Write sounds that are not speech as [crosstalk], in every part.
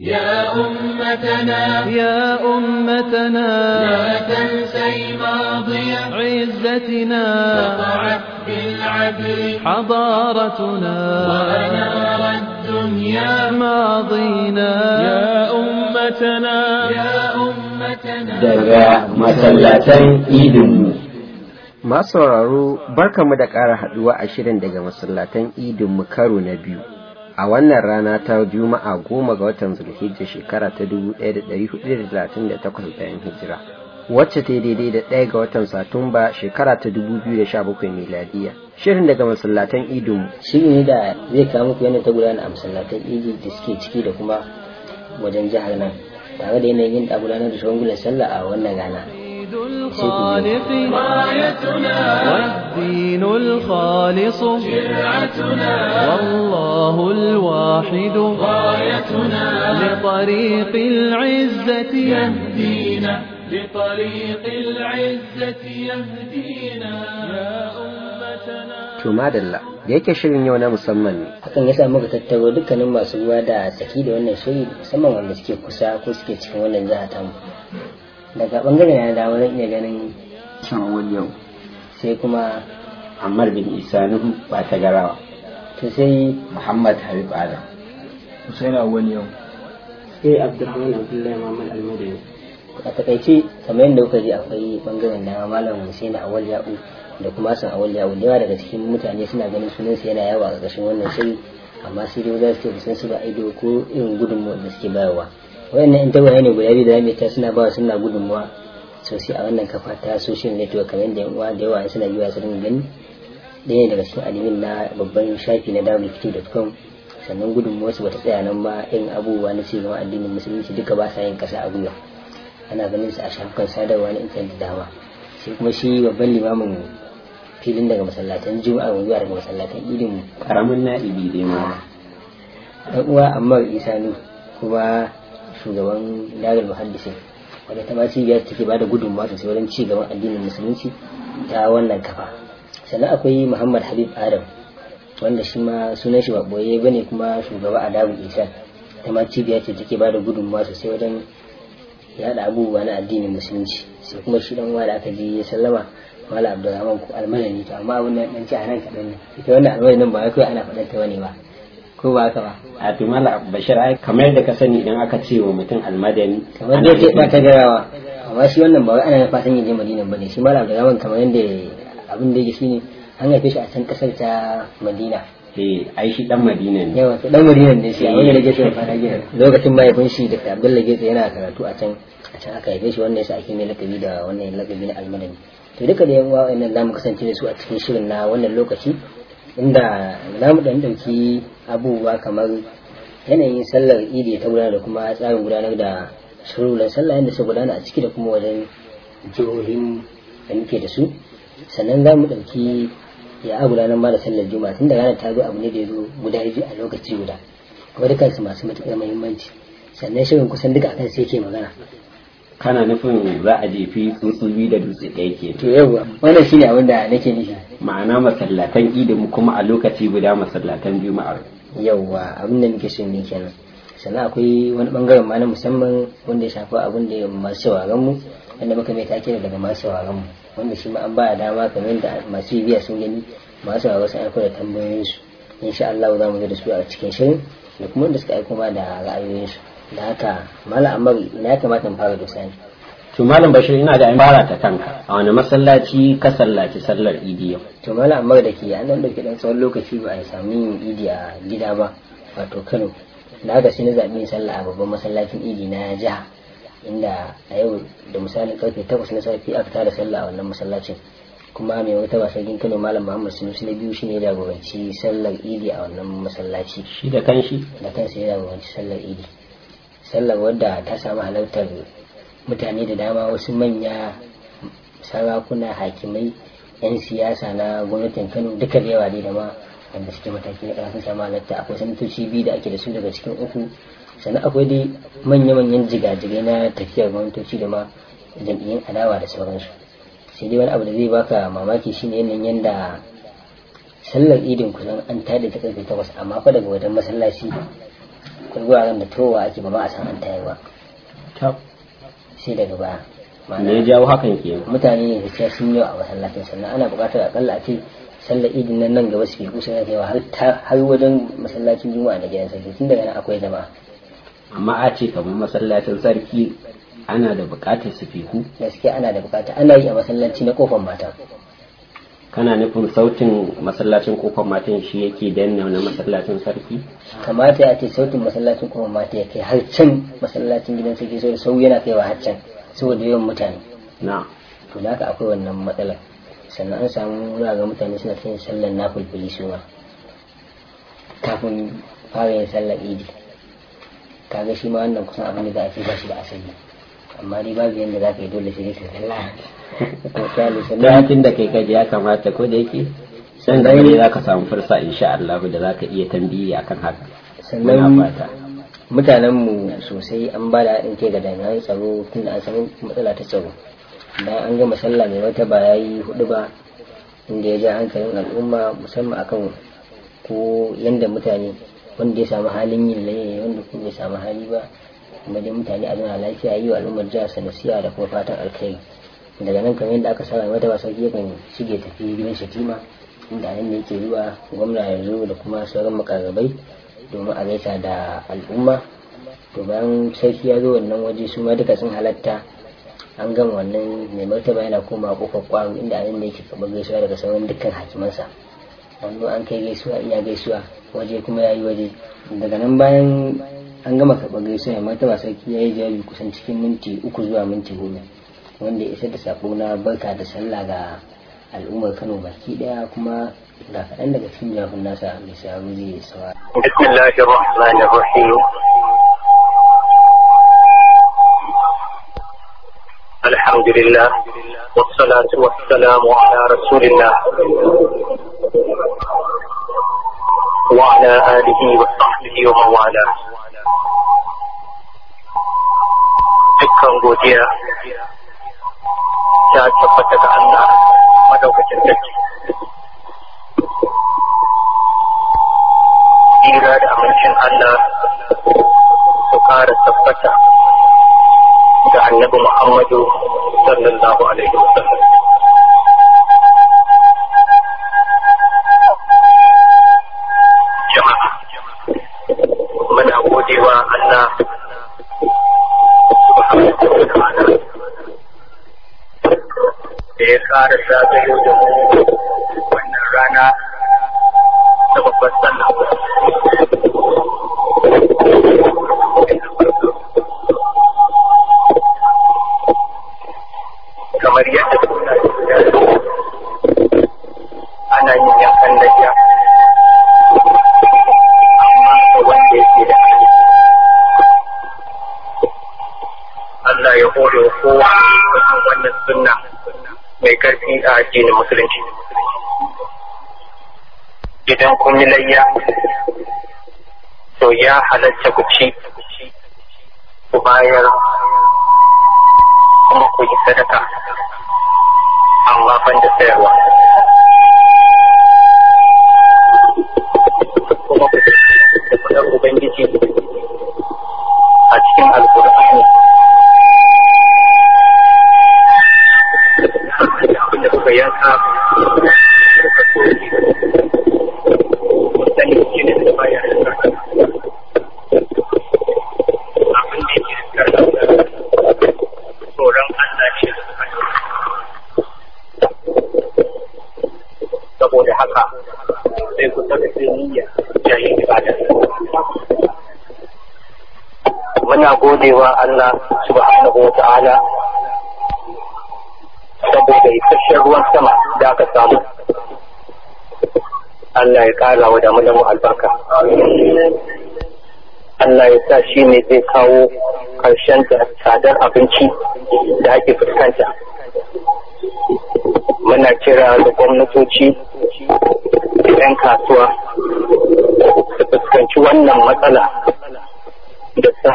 يا أمتنا يا أمتنا لا تنسي ماضي عزتنا وقعت بالعدل حضارتنا وأنار الدنيا ماضينا يا أمتنا يا أمتنا دقا مسلتين إيدنا Masu sauraro barkamu da ƙara haɗuwa a shirin daga masallatan idin mu karo na biyu. a wannan rana ta juma'a goma ga watan zulhijja shekara ta 1438 bayan hijira wacce ta daidai da ɗaya ga watan satumba shekara ta 2017 miladiya shirin daga masallatan idun shiri ne da zai kawo muku yana ta gudana a masallatan idi da suke ciki da kuma wajen jihar nan tare da yanayin da gudanar da shagungulan sallah a wannan rana توحيد الخالق رايتنا والدين الخالص شرعتنا والله الواحد غايتنا لطريق العزة يهدينا لطريق العزة يهدينا يا أمتنا to madalla da yake shirin yau na musamman ne hakan yasa muka tattaro dukkanin masu ruwa da saki da wannan shiri musamman wanda suke kusa ko suke cikin wannan jiha tamu daga bangaren na dawo zan iya ganin shan wani yau sai kuma Ammar bin Isa Nuhu ba ta garawa to sai Muhammad harif Adam na wani yau sai Abdulrahman Abdullahi Muhammad Almadani a takaice kamar yadda kuka ji akwai bangaren na malam Hussein awal ya'u da kuma san awal ya'u da yawa daga cikin mutane suna ganin sunansa yana yawa a ƙarƙashin wannan sai amma sai dai za su ce sun su ba ido ko irin gudunmu da suke bayarwa wayannan interview ne guda biyu da zamu ta suna ba suna gudunmuwa sosai a wannan kafa ta social network kamar da uwa da yawa suna biwa su dinga gani ɗaya daga cikin alimin na babban shafi na wft.com sannan gudunmuwa su bata tsaya nan ba irin abubuwa na ci addinin musulunci duka ba sa yin kasa a gwiwa ana ganin su a shafukan sadarwa na intanet dama sai kuma shi babban limamin filin daga masallatan juma'a zuwa daga masallatan idin karamin na'ibi dai ma uwa isa isanu kuma shugaban darul muhaddisi wadda ta ma cibiyar take ba da gudunmawa sosai wajen ci gaban addinin musulunci ta wannan kafa sannan akwai muhammad habib adam wanda shi ma sunan shi ba boye bane kuma shugaba a dabul isan ta ma cibiya ce take ba da gudunmawa sosai wajen da abubuwa na addinin musulunci sai kuma shi dan wala aka ji ya sallama wala abdurrahman ku almalani to amma abin nan dan ci a nan kaɗan ne ita wannan almalami nan ba kai ana faɗar ta wani ba ko ba ta ba a to mala bashir ai kamar da ka sani idan aka ce wa mutum almadani kamar da yake ba ta garawa amma shi wannan ba wai ana fatan yin madina ne shi mala zaman kamar yanda abin da yake ne. an haife shi a can kasar ta madina eh ai shi dan madina ne yawa dan madina ne shi a wani da eh. gefe fara gida lokacin mahaifin shi da abdullahi gefe yana karatu a can a can aka haife shi wannan yasa ake mai lakabi da wannan lakabi na almadani to duka da yan wa'annan zamu kasance da su a cikin shirin na wannan lokaci inda na mu ɗan ɗauki abubuwa kamar yanayin sallar idi ta gudanar da kuma tsarin gudanar da shirulan sallah yadda su gudana a ciki da kuma wajen jihohin da muke da su sannan za mu ɗauki ya a gudanar ba da sallar juma'a tun da ranar ta zo abu ne da ya zo guda biyu a lokaci guda kuma dukkan su masu matuƙar muhimmanci sannan shirin kusan duka akan sai ke magana kana nufin za a jefi tsuntsu da dutse ɗaya ke to yawwa wannan shine abin da nake nufi ma'ana masallatan idin kuma a lokaci guda masallatan juma'ar yawa abin da muke so ne kenan sannan akwai wani bangaren ma na musamman wanda ya shafa abin da masu sauraron mu wanda muka mai take daga masu sauraron mu wanda shi ma an ba dama kamar da masu biya sun gani masu sauraron sun aiko da tambayoyin su insha Allah za mu ga da su a cikin shirin da kuma wanda suka aiko ma da ra'ayoyin su da haka mala amari ina ya kamata mu fara dosa ne to malam bashir ina da fara ta kanka a wani masallaci ka sallaci sallar idi yau to malam amma da ke an nan dauki dan tsawon lokaci ba a samu yin idi a gida ba wato Kano na haka shi na zabi sallah a babban masallacin idi na jiha inda a yau da misali karfe 8 na safe aka tara sallah a wannan masallacin kuma mai wata ba sarkin Kano malam Muhammad Sunusi na biyu shine ya jagoranci sallar idi a wannan masallaci shi da kanshi da kansa ya jagoranci sallar idi sallar wadda ta samu halartar mutane da dama wasu manya sarakuna hakimai 'yan siyasa na gwamnatin kano duka da yawa ne da ma wanda suke mataki na ƙarfin sama halatta akwai sanatoci biyu da ake da su daga cikin uku sannan akwai dai manya-manyan jigajigai na tafiyar gwamnatoci da ma jam'iyyun adawa da sauransu sai dai wani abu da zai baka mamaki shine yanayin yanda sallar idin kusan an tada ta karfe takwas amma fa daga wajen masallaci akwai wuraren da towa ake ba ma a san an tayar sai daga baya ne ya jawo hakan ke mutane ne cewa sun yawa a masallacin sannan ana buƙatar akalla a ce sallar idin nan nan gaba su fi kusa da yawa har wajen masallacin juma'a da gidan sarki tun daga nan akwai jama'a amma a ce kamar masallacin sarki ana da buƙatar su fiku gaskiya ana da buƙata ana yi a masallaci na kofar mata kana nufin sautin masallacin kofar matan shi yake yanayi na masallacin sarki kamata ya ce sautin masallacin kofar matan ya kai har can masallacin gidan sarki sau da sau yana kaiwa har can saboda yawan mutane na to da akwai wannan matsalar sannan an samu wura ga mutane suna yin sallar kulkuli su ma kafin fara yin sallar idi kaga shi ma wannan kusan abin da za a ce ba shi da asali amma ni babu yadda za ka yi dole sai ka kalla salatin da kai kaji ya kamata ko da yake san da ne za ka samu fursa insha Allah da za ka iya tambayi akan haka sannan mutanen mu sosai an ba da haɗin kai ga jami'an tsaro tun da an matsala ta tsaro bayan an gama sallah mai wata ba yi hudu ba inda ya ja hankalin al'umma musamman akan ko yanda mutane wanda ya samu halin yin laye wanda kuma ya samu hali ba kuma dai mutane a lafiya yi wa al'ummar jihar sanasiya da kuma fatan alkhairi daga nan kamar yadda aka saba mai ba sauki yakan shige tafi gidan shatima inda nan ne yake zuwa gwamna yanzu da kuma sauran makarabai domin a gaisa da al'umma to bayan sarki ya zo wannan waje su ma duka sun halatta an gama wannan mai martaba yana koma kofar kwaro inda nan ne yake karɓar gaisuwa daga sauran dukkan hakimansa an an kai gaisuwa iya gaisuwa waje kuma ya yi waje daga nan bayan an gama karɓar gaisuwa mai martaba sarki ya yi jawabi kusan cikin minti uku zuwa minti goma wanda ya isar da sako na barka da sallah ga al'ummar kano baki daya kuma ga kaɗan daga cikin jafin nasa mai sauraro zai sawa. bismillahir rahmanir rahim الحمد لله والصلاة والسلام على رسول الله وعلى آله وصحبه ومن والاه dukkan godiya ta tabbata ga Allah madaukakin gaske. tsira da amincin Allah su kara tabbata ga annabi Muhammadu sallallahu alaihi wasallam من الأيام ويا على ya kara wa damu damu albarka Allah ya sa shi ne zai kawo karshen da tsadar abinci da ake fuskanta muna kira da gwamnatoci yan kasuwa su fuskanci wannan matsala da sa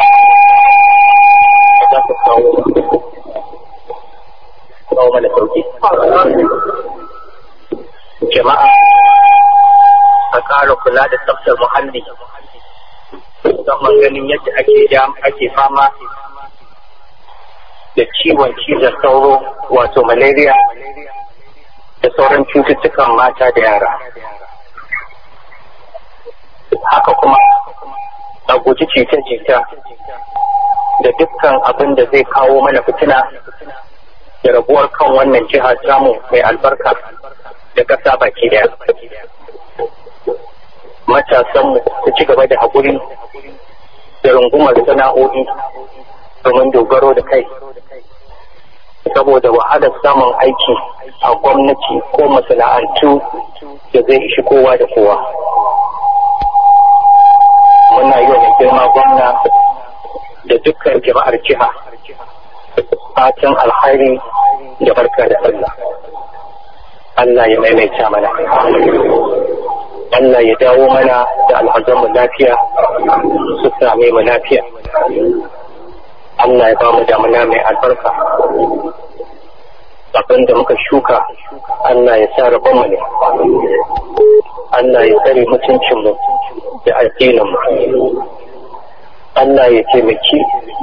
za su kawo mana sauki jama'a a ƙara kula da tsaftar muhalli musamman ganin yadda ake ake fama da ciwon cizon sauro wato malaria da sauran cututtukan mata da yara haka kuma a guji cita jita da dukkan abin da zai kawo mana fitina da rabuwar kan wannan jihar samu mai albarka da ƙasa baki daya matasanmu su ci gaba da haƙuri da rungumar sana'o'i domin dogaro da kai saboda wahalar samun aiki a gwamnati ko masana'antu da zai ishi kowa da kowa muna yi wa girma gwamna da dukkan jama'ar jiha fatan alhari da barka da Allah/ Allah ya maimaita mana. Allah ya dawo mana da alhazanmu lafiya su same mu lafiya Allah ya ba mu damuna mai albarka abin da muka shuka Allah ya sa rabon mu ne Allah ya tsare mutuncinmu da addininmu Allah ya taimaki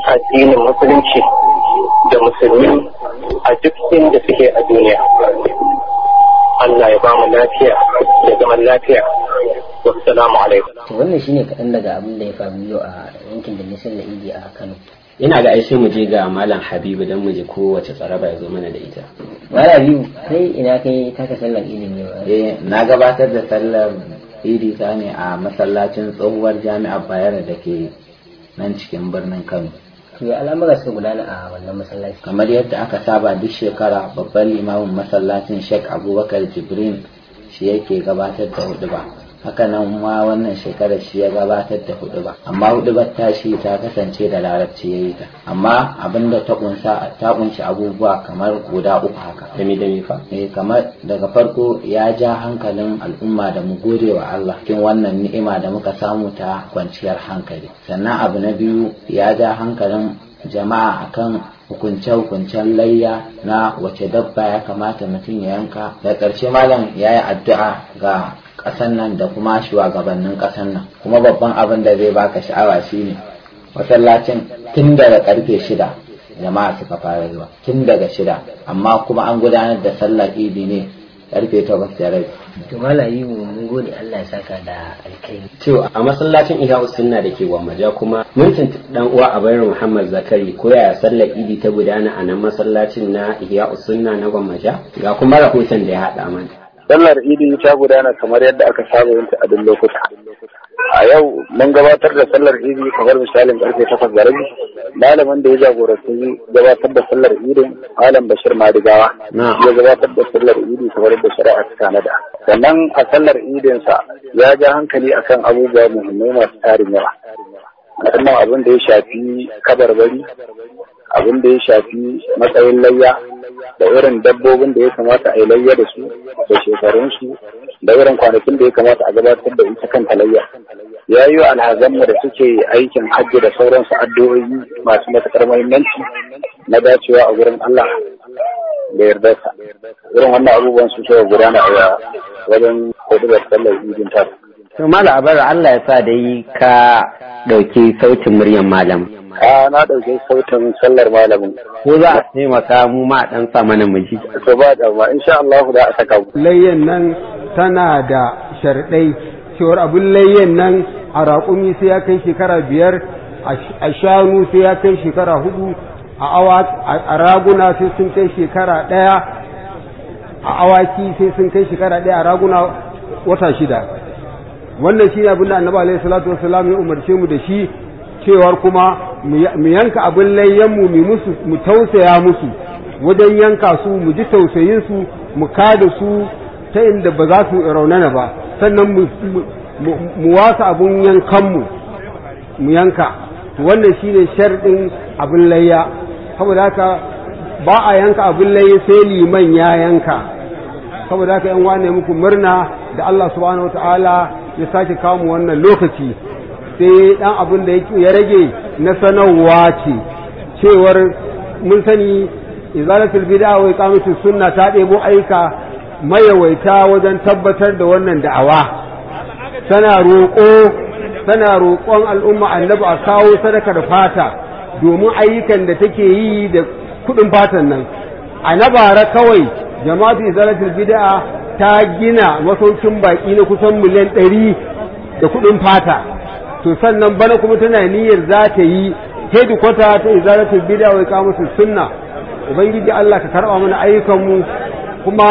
addinin musulunci da musulmi a duk inda suke a duniya Allah ya ba mu lafiya zaman lafiya wassalamu alaikum wannan shine kaɗan daga abin da ya faru yau a yankin da nisan da idi a kano ina ga ai sai mu je ga Mallam habibu dan mu je kowace tsaraba ya zo mana da ita malam biyu, kai ina kai taka sallar idi ne eh na gabatar da sallar idi ta ne a masallacin tsohuwar Jami'a bayero da ke nan cikin birnin kano to al'amura suka gudana a wannan masallaci kamar yadda aka saba duk shekara babban limamin masallacin sheikh abubakar jibrin shi yake gabatar da hudu ba haka nan ma wannan shekarar shi ya gabatar da hudu ba amma hudu ba ta shi ta kasance da larabci ya yi ta amma abinda ta kunsa ta kunshi abubuwa kamar guda uku haka dami dami fa eh kamar daga farko ya ja hankalin al'umma da mu gode wa Allah cikin wannan ni'ima da muka samu ta kwanciyar hankali sannan abu na biyu ya ja hankalin jama'a akan hukunce-hukuncen layya na wace dabba ya kamata mutum ya yanka da ƙarshe malam ya yi addu'a ga ƙasan nan da kuma shugabannin ƙasan nan kuma babban abin da zai baka sha'awa shine masallacin tun daga ƙarfe shida jama'a suka fara zuwa tun daga shida amma kuma an gudanar da sallah idi ne karfe takwas da rabi. to malayi mun gode Allah ya saka da alkai. to a masallacin iya sunna da ke gwamaja kuma mun tuntuɓi dan uwa a bayar muhammad zakari ko ya sallar idi ta gudana a nan masallacin na iya sunna na gwamaja ga kuma rahoton da ya haɗa mana. Sallar Idi ta gudana kamar yadda aka saba yin ta a duk lokuta. A yau mun gabatar da sallar Idi kamar misalin karfe takwas da rabi. Malamin da ya jagoranci gabatar da sallar Idi Malam Bashir Madigawa ya gabatar da sallar Idi kamar yadda shari'a ta tanada. Sannan a sallar Idinsa ya ja hankali akan abubuwa muhimmai masu tarin yawa. Musamman abin da ya shafi kabarbari, abin da ya shafi matsayin layya, da irin dabbobin da ya kamata a yi layya da su da shekarunsu da irin kwanakin da ya kamata a gabatar da ita kanta layya ya yi alhazanmu da suke aikin hajji da sauransu addu'o'i masu matuƙar muhimmanci na dacewa a wurin Allah da yardarsa irin wannan abubuwan su suka gudana a wajen hudubar sallar idin ta. Mala abar Allah ya sa da yi ka ɗauki sautin muryar malam. a na ɗauke sautin sallar malamin ko za a taimaka mu ma dan sa mana mu ji to ba da ba insha Allah da a saka mu layyan nan tana da sharɗai cewar abin layyan nan a raƙumi sai ya kai shekara biyar a shanu sai ya kai shekara hudu a awa a raguna sai sun kai shekara ɗaya a awaki sai sun kai shekara ɗaya a raguna wata shida wannan shine abin da annabi alaihi salatu wasallam ya umarce mu da shi cewar kuma mu yanka abin layyanmu mu musu mu tausaya musu wajen yanka su mu ji tausayin su mu kada su ta inda ba za su raunana ba sannan mu wasa abin yankanmu mu yanka wannan shine sharɗin abin layya saboda haka ba a yanka abin layya sai liman ya yanka saboda haka yan wane muku murna da Allah subhanahu wataala ya sake kawo mu wannan lokaci sai ɗan abin da ya rage na sanarwa ce cewar mun sani izalatul bid'a wa iqamatus sunna ta ɗebo aika mayawaita wajen tabbatar da wannan da'awa tana roƙo tana roƙon al'umma annabi a kawo sadaka da fata domin ayyukan da take yi da kuɗin fatan nan a na bara kawai jama'atu izalatul bid'a ta gina masaukin baki na kusan miliyan ɗari da kuɗin fata to sannan bana kuma tana niyyar za ta yi kwata ta izalatul bid'a wa su sunna ubangiji Allah ka karɓa mana ayyukan kuma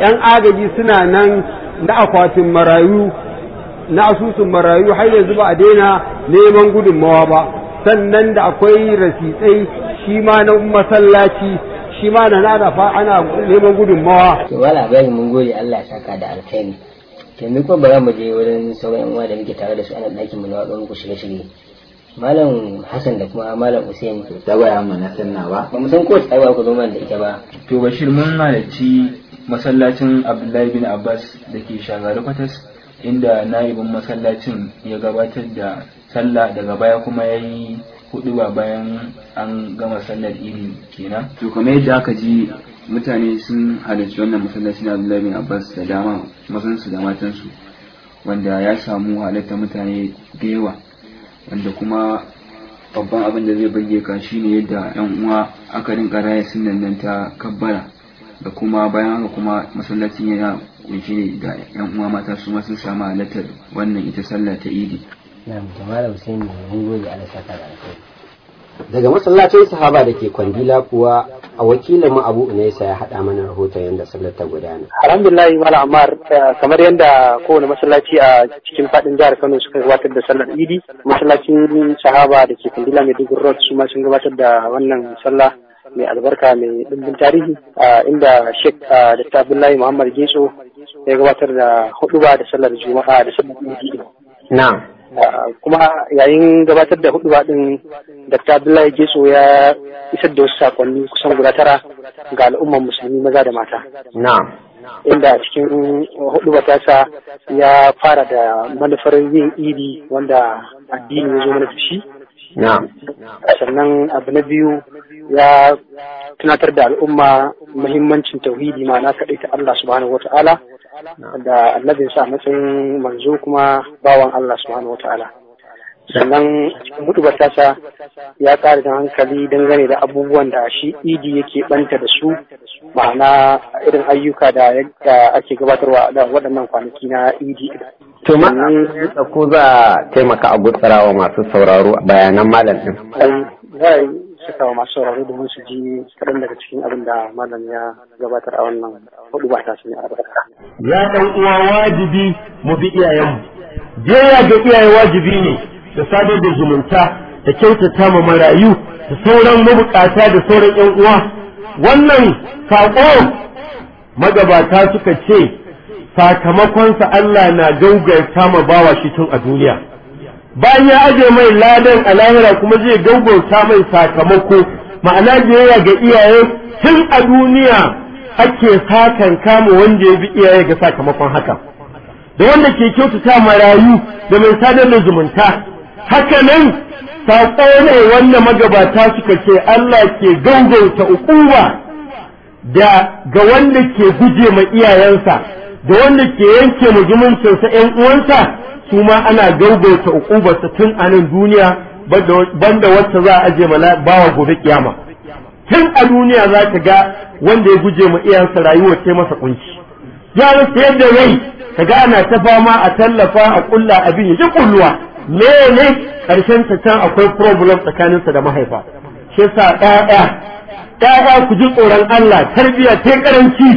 yan agaji suna nan na akwatin marayu na asusun marayu har yanzu ba a daina neman gudunmawa ba sannan da akwai rasitsai shi ma na masallaci shi ma na ana neman gudunmawa wala bai mun gode Allah saka da alkhairi yanzu kuma bara mu je wurin sauran yan uwa da muke tare da su ana ɗakin mu na waɗon ku shirye-shirye malam hassan da kuma malam hussein tsawaya mana sannawa ba mu san ko tsawaya ku zo mana da ita ba to bashir mun halarci masallacin abdullahi bin abbas da ke shagari kwatas inda na'ibin masallacin ya gabatar da sallah daga baya kuma ya yi hudu bayan an gama sallar iri kenan to kuma yadda aka ji mutane sun halarci wannan masallaci na Abdullahi bin Abbas da dama mazansu da matansu wanda ya samu halatta mutane da yawa wanda kuma babban abin da zai bayyana ka shine yadda yan uwa aka rinka raya sunan nan ta kabbara da kuma bayan haka kuma masallacin yana kunshi ne da yan uwa mata su ma sun samu halartar wannan ita sallah ta idi na'am Hussein mun gode daga masallacin sahaba da ke kwandila kuwa a wakilin mu Abu Unaisa ya haɗa mana rahoton yadda sallar ta gudana. Alhamdulillah Malam Ammar eh, kamar yadda kowane masallaci a cikin faɗin jihar Kano suka gabatar da sallar Idi masallacin Sahaba da ke Kandila Maiduguri Road su ma sun gabatar da wannan sallah mai albarka mai ɗimbin tarihi inda Sheikh da Abdullahi Muhammad geso ya gabatar da huɗuba da sallar Juma'a da sallar Idi. Na'am. kuma yayin gabatar da huduba din Dr. Abdullahi geso ya isar da wasu saƙonni kusan guda tara ga al'ummar musulmi maza da mata. Inda cikin hudu matasa ya fara da manufar yin idi wanda addini ya zo mana shi. Sannan abu na biyu ya tunatar da al'umma muhimmancin tauhidi na kaɗai ta Allah subhanahu wa ta'ala da annabinsa a matsayin manzo kuma bawan Allah subhanahu wa ta'ala. sannan a cikin hudu tasa ya ƙara da hankali dangane da abubuwan da shi idi yake banta da su ma'ana irin ayyuka da yadda ake gabatarwa da waɗannan kwanaki na idi to an ko za a taimaka a gutsarawa masu sauraro bayanan malam din saka wa masu sauraro domin su ji kaɗan daga cikin abin da malam ya gabatar a wannan hudu ba ta sun ya ɗan uwa wajibi mu bi iyayenmu biyayya ga iyaye wajibi ne da sadar da zumunta da kyautata ma marayu da sauran mabukata da sauran yan uwa wannan saƙo magabata suka ce sakamakonsa Allah na gaugarta ma bawa shi tun a duniya bayan ya aje mai ladan a lahira kuma zai gaugauta mai sakamako ma'ana biyayya ga iyaye tun a duniya ake sakan kama wanda ya bi iyaye ga sakamakon haka da wanda ke kyautata marayu da mai sadar da zumunta haka nan saƙo ne wanda magabata suka ce Allah ke gangauta ukuwa da ga wanda ke guje ma iyayensa da wanda ke yanke sa ‘yan uwansa su ma ana ukuwa ukubarsa tun a nan duniya banda wacce za a aje mana bawa gobe kiyama tun a duniya za ka ga wanda ya guje ma iyayensa rayuwa ce masa kunci ya rufe yadda rai ka ga ana ta fama a tallafa a kulla abin ya ji kulluwa mene karshen ta can akwai problem sa da mahaifa shi sa ɗaya ɗaya ku ji tsoron Allah tarbiyya ta karanci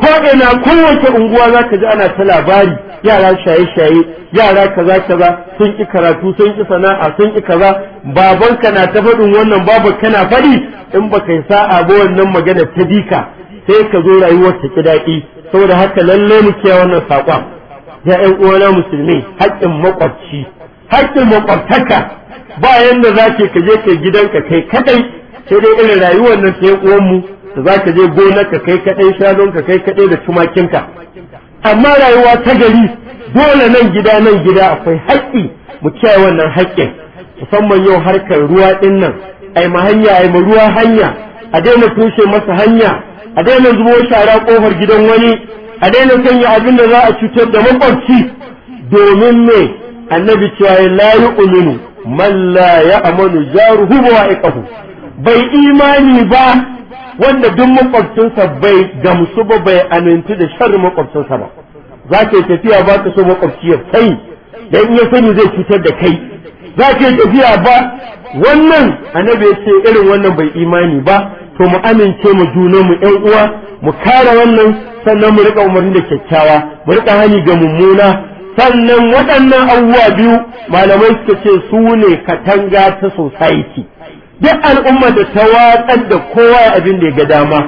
ko ina kowace unguwa za ka ji ana ta labari yara shaye-shaye yara kaza kaza sun ki karatu sun ki sana'a sun ki kaza babanka na ta faɗin wannan babu kana faɗi in baka yi sa'a ba wannan magana ta dika sai ka zo rayuwar ta ki daɗi saboda haka lalle mu kiyaye wannan saƙon ya ƴan uwana musulmi haƙƙin makwabci haƙƙin makwabtaka ba yanda za ke ka je kai gidanka kai kadai sai dai irin rayuwar nan sai uwanmu da za ka je ka kai kadai ka kai kadai da tumakinka amma rayuwa ta gari dole nan gida nan gida akwai haƙƙi mu kiyaye wannan haƙƙin musamman yau harkar ruwa ɗin nan ai ma hanya ai ma ruwa hanya a daina tushe masa hanya a daina zubo shara kofar gidan wani a daina sanya abin da za a cutar da makwabci domin me annabi cewa la yu'minu man la jaru hu wa bai imani ba wanda duk makwabcinsa bai gamsu ba bai amintu da sharri makwabcinsa ba za ka tafiya ba ka so makwabci ya sani dan ya sani zai cutar da kai za ka tafiya ba wannan annabi ya ce irin wannan bai imani ba to mu amince mu juna mu ƴan uwa mu kare wannan sannan mu riƙa umarni da kyakkyawa mu rika hani ga mummuna sannan waɗannan abubuwa biyu malamai suka ce su ne katanga ta society duk al'umma da ta watsar da kowa abin da ya ga dama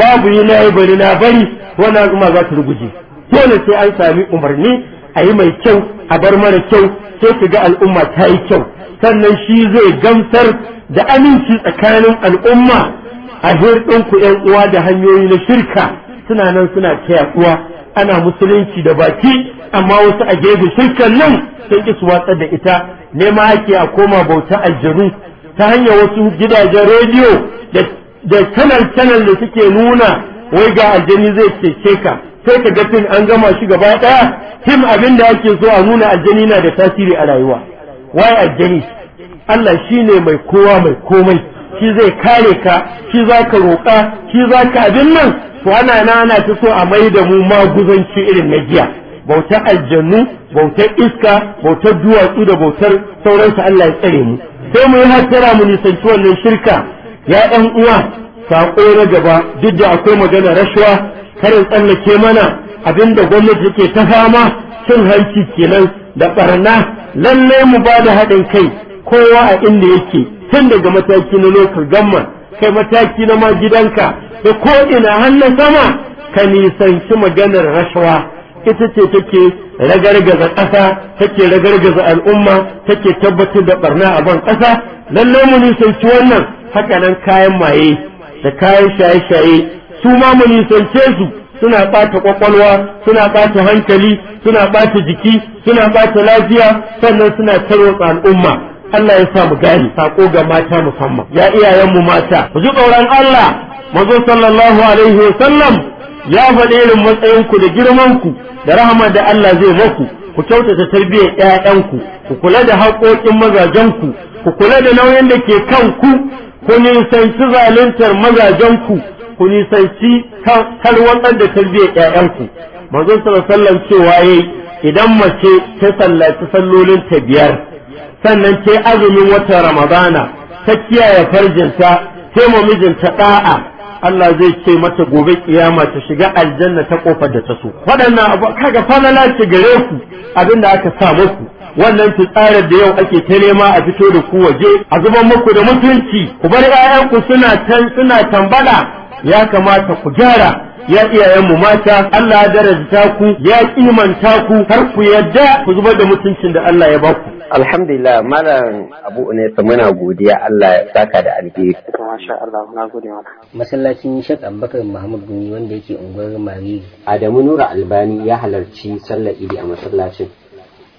babu yi na yi bari na bari wani al'umma za ta ruguje dole sai an sami umarni a yi mai kyau a bar mara kyau sai ka ga al'umma ta yi kyau sannan shi zai gamsar da aminci tsakanin al'umma a ku ‘yan uwa da hanyoyi na shirka suna nan suna taya uwa ana musulunci da baki amma wasu a gefe shirkan nan sun ki su watsar da ita nema ake a koma bauta aljaru ta hanyar wasu gidajen rediyo da canal canal da suke nuna wai ga aljani zai cece ka sai ka gafin an gama shi gaba ɗaya him abin da ake so a nuna aljani na da tasiri a rayuwa waye aljani Allah shine mai kowa mai komai shi zai kare ka shi za ka roƙa shi za ka abin nan to ana na ana ta so a mai da mu maguzanci irin na giya bautar aljannu bautar iska bautar duwatsu da bautar sauransu Allah ya tsare mu sai mu yi hasara mu nisanci wannan shirka ya ɗan uwa saƙo na gaba duk da akwai magana rashuwa karin tsallake mana abinda gwamnati yake ta fama cin hanci kenan da barna lallai mu ba da haɗin kai kowa a inda yake tun daga mataki na lokal gamman kai mataki na ma gidanka da ko ina hannun sama ka nisanci maganar rashawa ita ce take ragargaza ƙasa take ragargaza al'umma take tabbatar da barna a ban ƙasa lalle mu nisanci wannan haka nan kayan maye da kayan shaye-shaye su ma mu nisance su suna ɓata ƙwaƙwalwa suna ɓata hankali suna ɓata jiki suna ɓata lafiya sannan suna tarwatsa al'umma Allah ya sa mu gane sako ga mata musamman ya iyayen mu mata ku ji tsoron Allah mazo sallallahu alaihi wa sallam ya faɗe irin matsayinku da girmanku da rahama da Allah zai maku ku kyautata tarbiyyar ƴaƴanku ku kula da haƙoƙin mazajenku ku kula da nauyin da ke kanku ku nisanci zaluntar mazajenku ku nisanci tarwatsar da tarbiyyar ƴaƴanku manzon sallallahu cewa yayi idan mace ta sallaci sallolin ta biyar sannan ta azumin watan ramadana ta kiyaye farjinta ta mamijinta da'a Allah zai ce mata gobe kiyama ta shiga aljanna ta kofar da ta so waɗannan abu kaga falala ce gare ku abin da aka sa muku wannan fitsarar da yau ake ta nema a fito da ku waje a zuban muku da mutunci ku bar 'ya'yanku suna tan suna tambala ya kamata ku gyara ya iyayenmu mata Allah ya darajta ku ya kimanta ku har ku yadda ku zubar da mutuncin da Allah ya baku Alhamdulillah Malam Abu Unaisa muna godiya Allah ya saka da alheri. Masha Allah muna gode Masallacin Sheikh Abubakar Muhammad Gumi wanda yake unguwar Mariri. Adamu Nura Albani ya halarci sallar Idi a masallacin.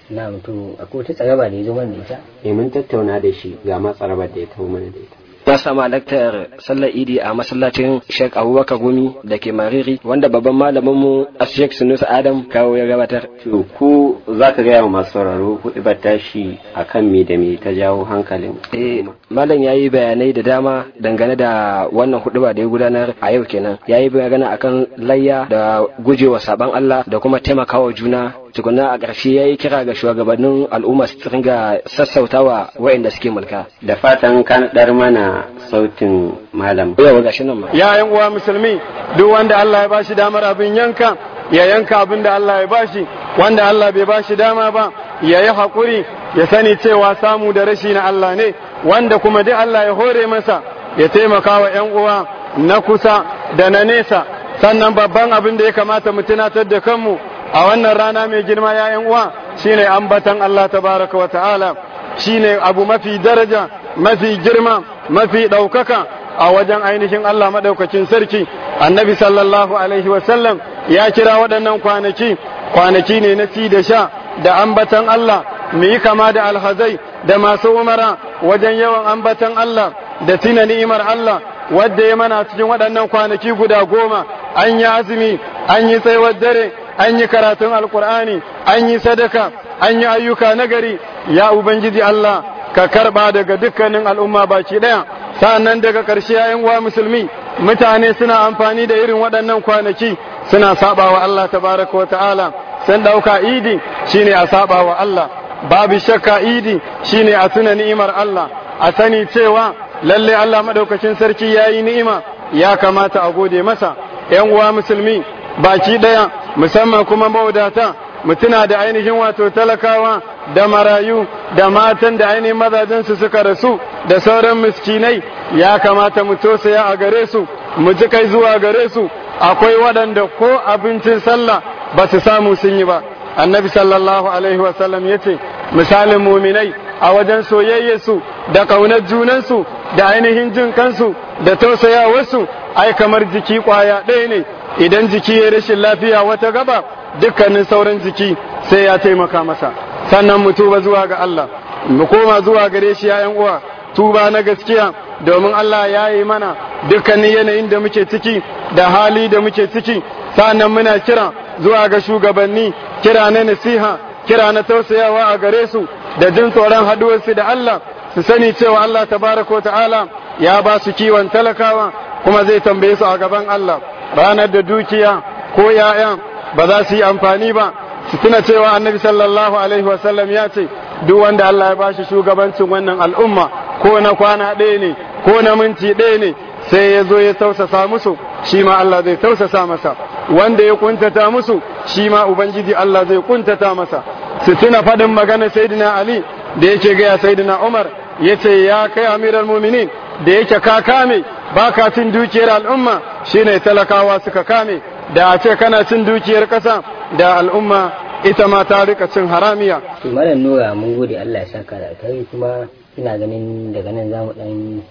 Na mutu akwai wata tsaraba da ya zo mana da ita? Eh mun tattauna da shi ga ma tsarabar da ya taho mana da ita. Ya samu alaktar sallar idi a masallacin shek Abubakar Gumi da ke Mariri wanda babban malaminmu a Sheikh Sunusa Adam kawo ya gabatar. To za ka gaya wa masu sauraro ko tashi akan me da me ta jawo hankalin. E, malam ya yi bayanai da dama dangane da wannan huduba da ya gudanar a yau kenan. ya yi magana akan layya da gujewa saban Allah da kuma taimakawa juna tukuna a ƙarshe ya yi kira ga shugabannin al'umma su ringa sassautawa waɗanda suke mulka da fatan kan ɗar mana sautin malam gashi nan ma ya yan uwa musulmi duk wanda Allah ya bashi damar abin yanka ya yanka abin da Allah ya bashi wanda Allah bai bashi dama ba ya yi haƙuri ya sani cewa samu da rashi na Allah ne wanda kuma dai Allah ya hore masa ya taimaka wa 'yan uwa na kusa da na nesa sannan babban abin da ya kamata mu tunatar da kanmu a wannan rana mai girma yayan uwa shine ambatan Allah tabaraka wa ta'ala shine abu mafi daraja mafi girma mafi ɗaukaka a wajen ainihin Allah maɗaukacin sarki annabi sallallahu alaihi wasallam ya kira waɗannan kwanaki kwanaki ne na ci da sha da ambatan Allah mu yi kama da alhazai da masu umara wajen yawan ambatan Allah da tina ni'imar Allah wadda ya mana cikin waɗannan kwanaki guda goma an yi azumi an yi tsayuwar dare an yi karatun alkur'ani an yi sadaka an yi ayyuka nagari ya ubangiji Allah ka karba daga dukkanin al'umma baki daya sa'annan daga ƙarshe yayin wa musulmi mutane suna amfani da irin waɗannan kwanaki suna wa Allah tabaraka ta'ala sun dauka idi shine a wa Allah babu shakka idi shine a tuna ni'imar Allah a sani cewa lalle Allah madaukakin sarki yayi ni'ima ya kamata a gode masa yan uwa musulmi baki ɗaya musamman kuma mawadata mutuna da ainihin wato talakawa da marayu da matan da ainihin mazajensu suka rasu da sauran miskinai ya kamata mu tosaya a gare su mu ji kai zuwa gare su akwai waɗanda ko abincin sallah ba su samu sun yi ba annabi sallallahu alaihi wasallam ya ce misalin muminai a wajen soyayyarsu da ƙaunar junansu da ainihin jin kansu da tausayawarsu ai kamar jiki ƙwaya ɗaya ne idan jiki ya rashin lafiya wata gaba dukkanin sauran jiki sai ya taimaka masa sannan mu tuba zuwa ga Allah mu koma zuwa gare shi yayan uwa tuba na gaskiya domin Allah ya yi mana dukkanin yanayin da muke ciki da hali da muke ciki sannan muna kira zuwa ga shugabanni kira na nasiha kira na tausayawa a gare su da jin tsoron haduwarsu da Allah su sani cewa Allah tabaraka ta'ala ya ba su kiwon talakawa kuma zai tambaye su a gaban Allah ranar da dukiya ko ya'yan ba za su yi amfani ba su tuna cewa annabi sallallahu alaihi wasallam ya ce duk wanda Allah ya bashi shugabancin wannan al'umma ko na kwana ɗaya ne ko na minti ɗaya ne sai ya zo ya tausasa musu shi ma Allah zai tausasa masa wanda ya kuntata musu shi ma ubangiji Allah zai kuntata masa su tuna faɗin magana saidina Ali da yake gaya saidina Umar ya ce ya kai amiral mu'minin da yake ka kame baka cin dukiyar al'umma shine talakawa suka kame da a ce kana cin dukiyar kasa da al'umma ita ma ta rika cin haramiya to nura mun gode Allah ya saka da kai kuma ina ganin daga nan zamu dan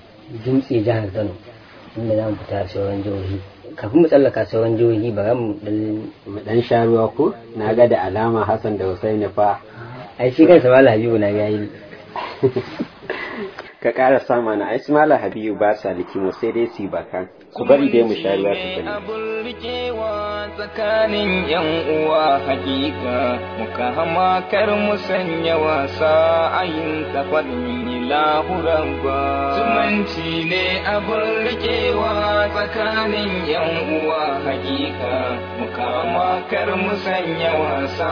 jimtse jihar Kano inda zamu fita sauran jihohi kafin mu tsallaka sauran jihohi ba mu dan mu dan sha ruwa ko na ga da alama Hassan da Hussein fa ai shi kansa Malam Habibu na yayi [laughs] ka ƙara sama na ai Malam Habibu ba sa likimo sai dai si baka ku bari dai mu sha ruwa ta sani tsakanin yan uwa hakika muka hama kar mu sanya wasa ayin tafarni ni lahuran ba zumanci ne abun rikewa tsakanin yan uwa hakika muka hama kar mu sanya wasa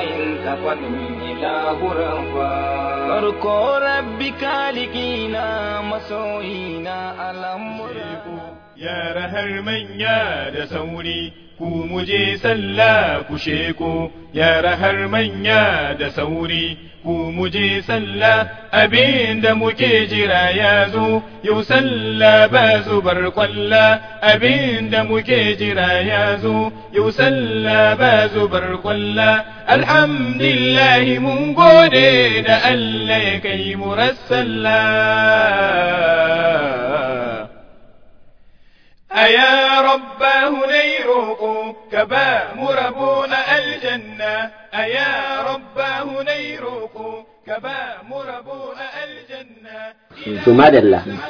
ayin tafarni ni lahuran ba farko rabbi kalikina masoyina al'amura يا رهر من يا دسوني قوموا جي سلاكو شيكو يا رهر من يا دسوني قوموا جي سلا أبين دمك جرا يازو يسلا بازو برقلا أبين دمك جرا يازو يسلا بازو برقلا الحمد لله من قدد ألا يكيم رسلا أيا رباه نيروق كبا مربون الجنة أيا رباه نيروق كبا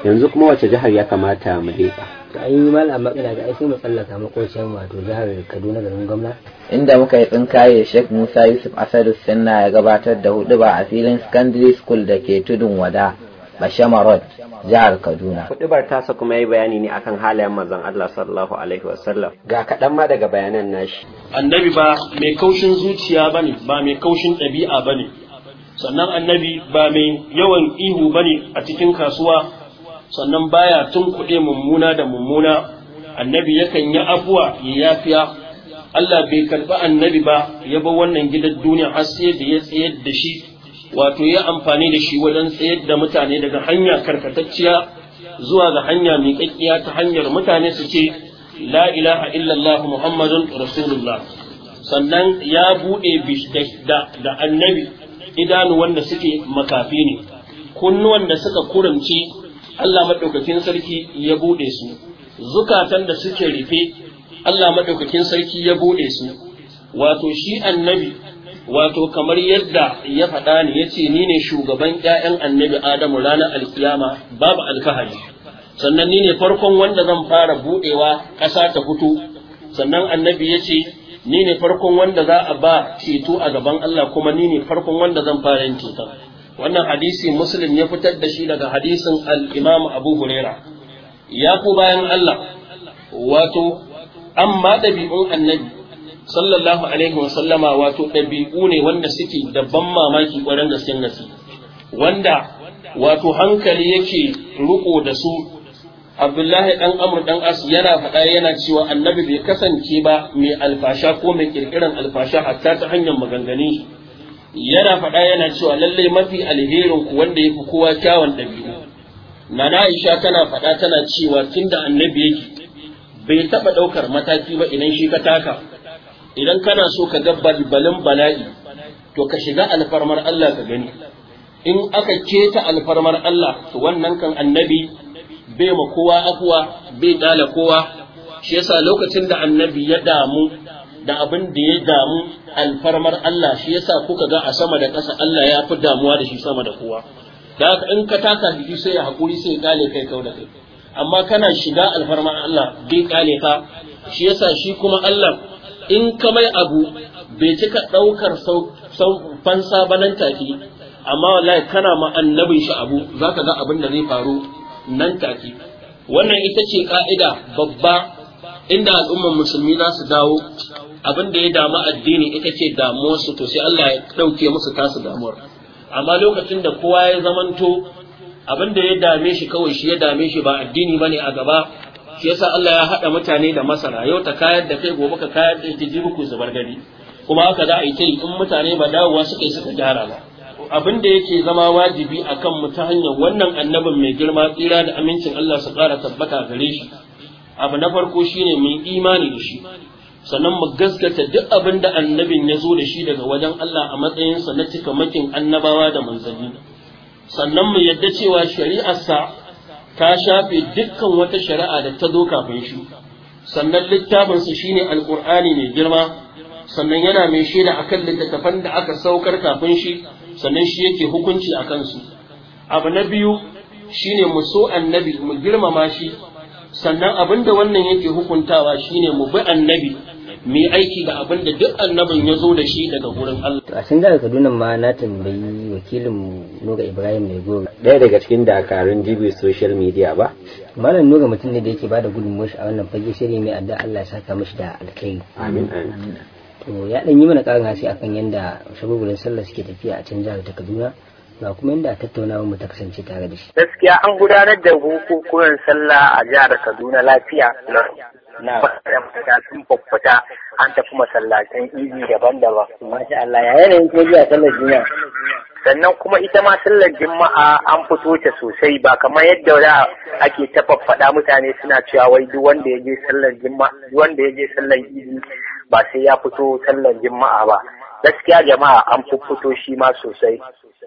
yanzu kuma wace jihar ya kamata mu leƙa to an yi mal amma ina da ai sai tsallaka makocin wato jihar Kaduna garin gwamna inda muka yi tsinkaye Sheikh Musa Yusuf Asadu Sinna ya gabatar da hudu ba a filin secondary school da ke tudun wada Bashamarot jihar Kaduna. bar tasa kuma ya yi bayani ne akan halayen manzon Allah sallallahu alaihi wasallam. Ga kaɗan ma daga bayanan nashi. Annabi ba mai kaushin zuciya ba ne, ba mai kaushin ɗabi'a ba ne, Sannan annabi ba mai yawan ihu ba ne a cikin kasuwa, sannan baya tun kuɗe mummuna da mummuna. Annabi yakan yi afuwa ya yafiya Allah bai karɓi annabi ba ya bar wannan gidan duniya har sai da ya tsayar da shi wato ya amfani da shi wajen tsayar da mutane daga hanya karkatacciya zuwa ga hanya miƙaƙƙiya ta hanyar mutane su ce la ilaha illallah muhammadun rasulullah sannan ya buɗe da annabi idanu wanda suke makafi ne kunnuwan da suka kuramci Allah maɗaukakin sarki ya buɗe su zukatan da suke rufe Allah maɗaukakin sarki ya buɗe su wato shi annabi wato kamar yadda ya faɗa ni ya ce ni ne shugaban ‘ya'yan annabi Adamu ranar alkiyama babu alfahari, sannan ni ne farkon wanda zan fara buɗewa ƙasa ta fito, sannan annabi ya ce ni ne farkon wanda za a ba ceto a gaban Allah kuma ni ne farkon wanda zan fara yin ceton. Wannan hadisi Muslim ya fitar da shi daga hadisin al-Imam Abu Huraira. Ya ku bayan Allah, wato, amma ɗabi'un annabi sallallahu alaihi wa sallama wato ɗabi'u ne wanda suke da ban mamaki ƙwarin gaskiyar gaske wanda wato hankali yake riko da su abdullahi ɗan amr dan as yana faɗa yana cewa annabi bai kasance ba mai alfasha ko mai kirkiran alfasha hatta ta hanyar maganganu yana faɗa yana cewa lallai mafi alherin ku wanda yafi kowa kyawun ɗabi'u nana aisha tana faɗa tana cewa tunda annabi yake bai taɓa ɗaukar mataki ba idan shi ka taka idan kana so ka ga balbalin bala'i to ka shiga alfarmar Allah ka gani in aka keta alfarmar Allah to wannan kan annabi bai ma kowa afuwa bai dala kowa shi yasa lokacin da annabi ya damu da abin da ya damu alfarmar Allah shi yasa kuka ga a sama da ƙasa Allah ya fi damuwa da shi sama da kowa da haka in ka taka jiki sai ya hakuri sai ya kale kai kau da kai amma kana shiga alfarmar Allah bai kale ka shi yasa shi kuma Allah in ka mai abu bai cika ɗaukar fansa ba nan take amma wallahi kana ma annabin shi abu za ka ga abin da zai faru nan take wannan ita ce ƙa'ida babba inda al'ummar musulmi za su dawo abin da ya damu addini ita ce damuwarsu to sai Allah ya ɗauke musu tasu damuwar amma lokacin da kowa ya zamanto abin da ya dame shi kawai shi ya dame shi ba addini ba ne a gaba shi yasa Allah ya haɗa mutane da masara yau ta kayar da kai gobe ka kayar da ita ku zubar gari kuma haka za a yi kai in mutane ba dawowa suka yi suka gyara ba abin da yake zama wajibi akan kan mu ta hanyar wannan annabin mai girma tsira da amincin Allah su ƙara tabbata gare shi abu na farko shine mun imani da shi sannan mu gaskata duk abin da annabin ya zo da shi daga wajen Allah a matsayinsa na makin annabawa da manzanni sannan mu yadda cewa shari'arsa ta shafe dukkan wata shari'a da ta zo kafin shi sannan littafinsa shine alqur'ani mai girma sannan yana mai shaida akan littattafan da aka saukar kafin shi sannan shi yake hukunci a kansu abu na biyu shine mu so annabi mu girmama shi sannan abinda wannan yake hukuntawa shine mu bi annabi mu aiki da abin da duk annabin ya zo da shi daga gurin Allah. A can da Kaduna ma na tambayi wakilin mu Ibrahim Mai Goro. Ɗaya daga cikin dakarun DB social media ba? Malam Nura mutum ne da yake bada gudunmuwar a wannan fage shiri mai adda Allah ya saka mishi da alkhairi. Amin To ya ɗan yi mana ƙarin hasi kan yadda shagugulan sallah suke tafiya a can jihar ta Kaduna. ga kuma yadda tattaunawa mu ta kasance tare da shi. Gaskiya an gudanar da bukukuwan sallah a jihar Kaduna lafiya Bayan fita sun faffuta an tafi masallacin izi daban-daban. Masha Allah ya yanayin kuma zuwa sallar jiya. Sannan kuma ita ma sallar jima'a an fito ta sosai ba kamar yadda da ake ta faffaɗa mutane suna cewa wai duk wanda ya je sallar juma'a wanda ya je sallar idi ba sai ya fito sallar jima'a ba. Gaskiya jama'a an fito shi ma sosai.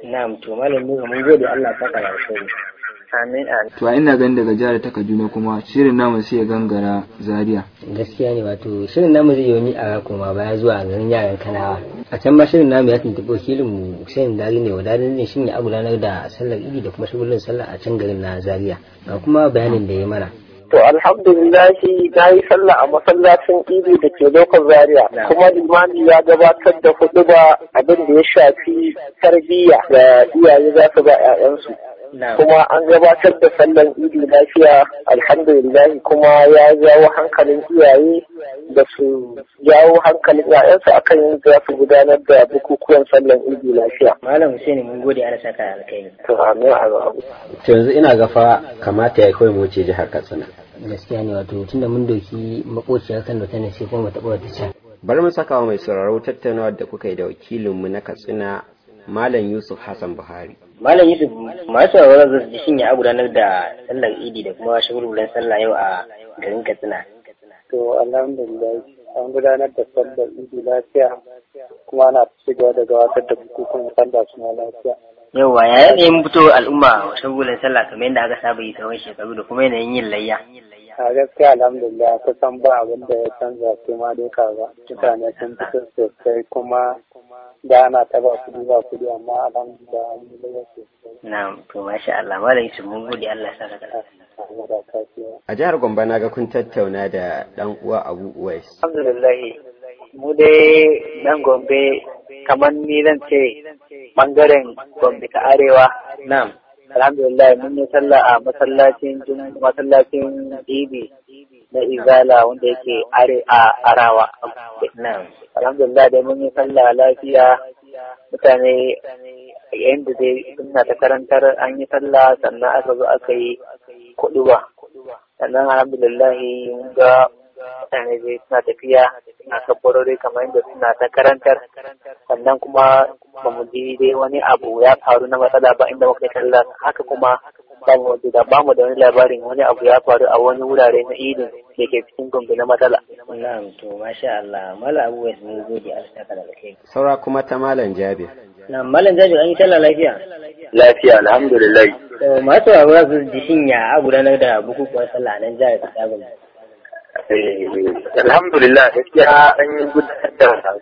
Na mutu, malam mun gode Allah ta sauri. Amin amin. To ina ganin daga jihar ta Kaduna kuma shirin namu sai ya gangara Zaria. Gaskiya ne wato shirin namu zai yi a kuma baya zuwa garin yaran Kanawa. A can ma shirin namu ya tuntuɓi wakilin mu Hussein Dari ne wa dadi ne shin a gudanar da sallar Idi da kuma shagulun sallah a can garin na Zaria. Ga kuma bayanin da ya mana. To alhamdulillahi na yi sallah a masallacin idi da ke lokacin zaria kuma limami ya gabatar da hudu ba abin da ya shafi tarbiyya da iyaye za su ba 'ya'yansu. kuma an gabatar da sallar idi lafiya alhamdulillah kuma ya jawo hankalin iyaye da su jawo hankalin 'ya'yansu akan yin za su gudanar da bukukuwan sallan idi lafiya malam Hussein mun gode ana saka alkai to amin to yanzu ina gafa kamata ya kawai mu ce jihar Katsina gaskiya ne wato tunda mun doki makociyar Kano tana sai kuma ta ta can bari mu saka wa mai sauraro tattaunawar da kuka yi da wakilinmu na Katsina Malam Yusuf Hassan Buhari. Malam Yusuf masu sauraron za ji shin ya gudanar da sallar Idi da kuma wurin sallah yau a garin Katsina. To alhamdulillah an gudanar da sallar Idi lafiya kuma ana shigar da gabatar da bukukuwan sallah suna lafiya. Yauwa ya yanayin fito al'umma shagulan sallah kamar yadda aka saba yi tsawon shekaru da kuma yanayin yin layya. A gaskiya alhamdulillah kusan ba abin da ya canza su ma dai ba Mutane sun fito sosai kuma da ana taba kudi ba kudi amma alhamdulillah an yi lokaci. Na'am to masha Allah malam su mun gode Allah sa ka A jihar Gombe na ga kun tattauna da dan uwa Abu Uwais. Alhamdulillah mu dai dan Gombe kamar ni zan ce bangaren Gombe ta Arewa. Na'am. alhamdulillah mun yi sallah a masallacin masallacin Ibi na Izala wanda yake are a Arawa. Alhamdulillah dai mun yi sallah lafiya mutane yayin da dai suna ta karantar an yi sallah sannan aka zo aka yi kuduwa Sannan alhamdulillah mun ga mutane zai suna tafiya suna kabbarori kamar yadda suna ta karantar sannan kuma ba mu ji dai wani abu ya faru na matsala ba inda muka kalla haka kuma ba mu da ba mu da wani labarin wani abu ya faru a wani wurare na idin da ke cikin gombe na matsala. Na'am to masha Allah mala abu wai sun gode alstaka daga kai. Saura kuma ta malam Jabi. Na malam Jabi an yi kalla lafiya. Lafiya alhamdulillah. Masu abu za su ji shinya a gudanar da bukukuwan sallah nan jihar Kitabu. alhamdulillah gaskiya an yi gudanar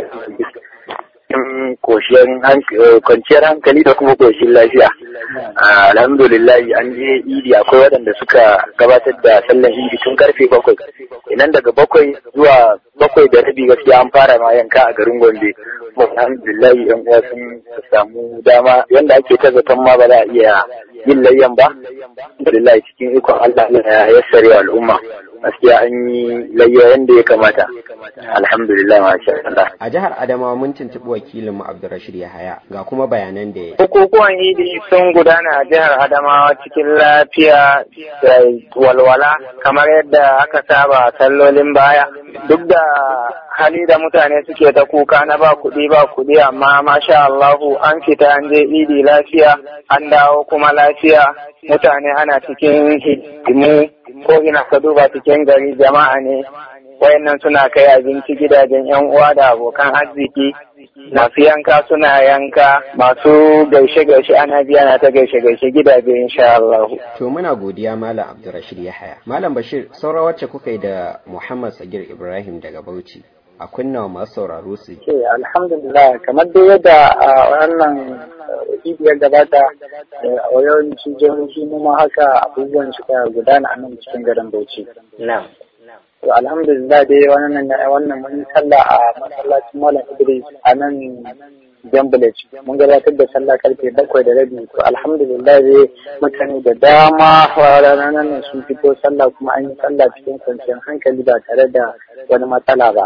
da koshin eh, kwanciyar hankali da kuma koshin lafiya alhamdulillah an je idi akwai waɗanda suka gabatar da sallar idi tun karfe bakwai inan daga bakwai zuwa bakwai da rabi gaskiya an fara ma yanka a garin gombe alhamdulillah yan uwa sun samu dama yanda ake ta zaton ma ba za a iya yin layyan ba alhamdulillah cikin ikon Allah ya sari al'umma gaskiya an yi layya yadda ya kamata alhamdulillah masha Allah a jihar Adamawa mun tuntuɓi wakilin mu Abdurrashid Yahaya ga kuma bayanan da ya hukukuwan idi sun gudana a jihar Adamawa cikin lafiya da walwala kamar yadda aka saba sallolin baya duk da hali da mutane suke ta kuka na ba kuɗi ba kuɗi amma masha Allahu an fita an je idi lafiya an dawo kuma lafiya mutane ana cikin hidimu ko ina ka duba cikin gari jama'a ne wayannan suna kai abinci gidajen yan uwa da abokan arziki masu yanka suna yanka masu gaishe gaishe ana biya na ta gaishe gaishe gidaje insha Allah to muna godiya malam Abdurrashid Yahaya malam Bashir saura wacce kuka yi da Muhammad Sagir Ibrahim daga Bauchi a kunna masu sauraro su ke eh, alhamdulillah kamar da yadda wannan eh, idi ya gabata eh, a yawancin jihohi mu ma haka abubuwan suka gudana a nan cikin garin Bauchi. Na'am. To alhamdulillah dai wannan wannan mun sallah a masallacin Malam Idris a nan Jambalage mun gabatar da sallah karfe bakwai da rabi to alhamdulillah dai mutane da dama ranar nan sun fito sallah kuma an yi sallah cikin kwanciyar hankali ba tare da wani matsala ba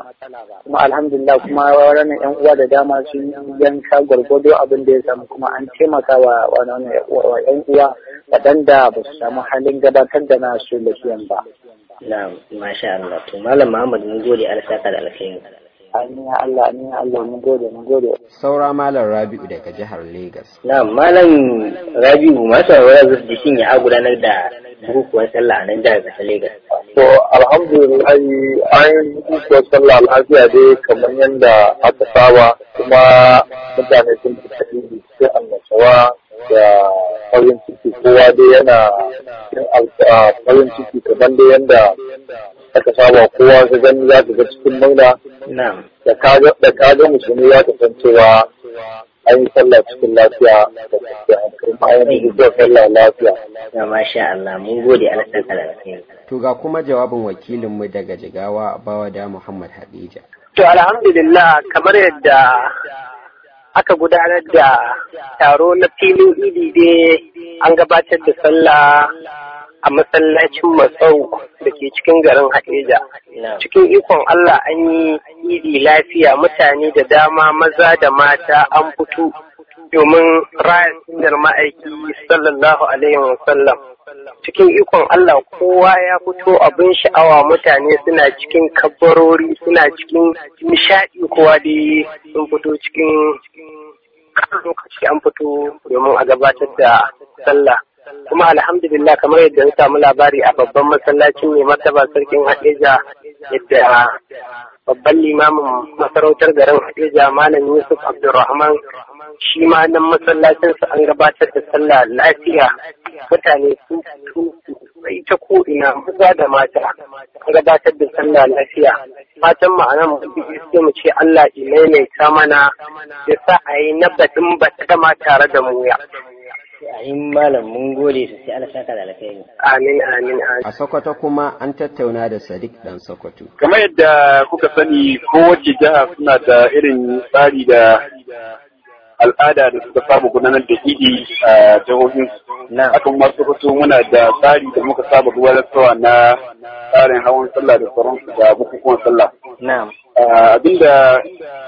kuma alhamdulillah kuma ranar yan uwa da dama sun yanka gwargwado abin da ya samu kuma an taimaka wa yan uwa waɗanda ba su samu halin gabatar da nasu lafiyan ba. Na, masha Allah. To, Malam Muhammad mun gode alsaka da Amin ya Allah, amin ya Allah, mun gode, mun gode. Saura Malam Rabi'u daga jihar Legas. Na'am, Malam Rabi'u masu rawar zuwa shin ya gudanar da bukukuwan sallah a nan jihar Legas. To alhamdulillah an yi bukukuwan sallah al'afiya dai kamar yadda aka saba kuma mutane sun fi tarihi sai annashawa da farin ciki kowa dai yana yin farin ciki kamar dai yadda aka saba kowa ka gani za ka ga cikin murna da kaga musulmi ya san cewa an yi sallah cikin lafiya da kwanciyar hankali bayan da zuwa sallah lafiya. Ya masha Allah mun gode a ɗan alaƙi. To ga kuma jawabin wakilinmu daga Jigawa da Muhammad Hadija. To alhamdulillah kamar yadda aka gudanar da taro na filin idi dai an gabatar da sallah a masallacin Matsau da ke cikin garin Hadeja. Cikin ikon Allah an yi idi lafiya mutane da dama maza da mata an fito domin raya sunnar ma'aiki sallallahu alaihi wasallam. Cikin ikon Allah kowa ya fito abin sha'awa mutane suna cikin kabarori suna cikin nishaɗi kowa dai sun fito cikin kan lokaci an fito domin a gabatar da sallah. kuma alhamdulillah kamar yadda na samu labari a babban masallacin ne martaba sarkin hadeja yadda babban limamin masarautar garin hadeja malam yusuf Abdurrahman, shi ma nan masallacinsa an gabatar da sallah lafiya mutane sun sai ta ko ina maza da mata an gabatar da sallah lafiya fatan ma'anan sai mu ce Allah imaimaita mana ya sa ayi na batun ba ta tare da mu Amin malam mun gode su sai Allah saka da alkhairi. Amin amin amin. A Sokoto kuma an tattauna da Sadiq dan Sokoto. Kamar yadda kuka sani kowace jiha suna da irin tsari da al'ada da suka saba gudanar da idi a jihohin akan kuma sokoto muna da tsari da muka saba da na tsarin hawan sallah da sauransu da bukukuwan sallah. Na'am. abinda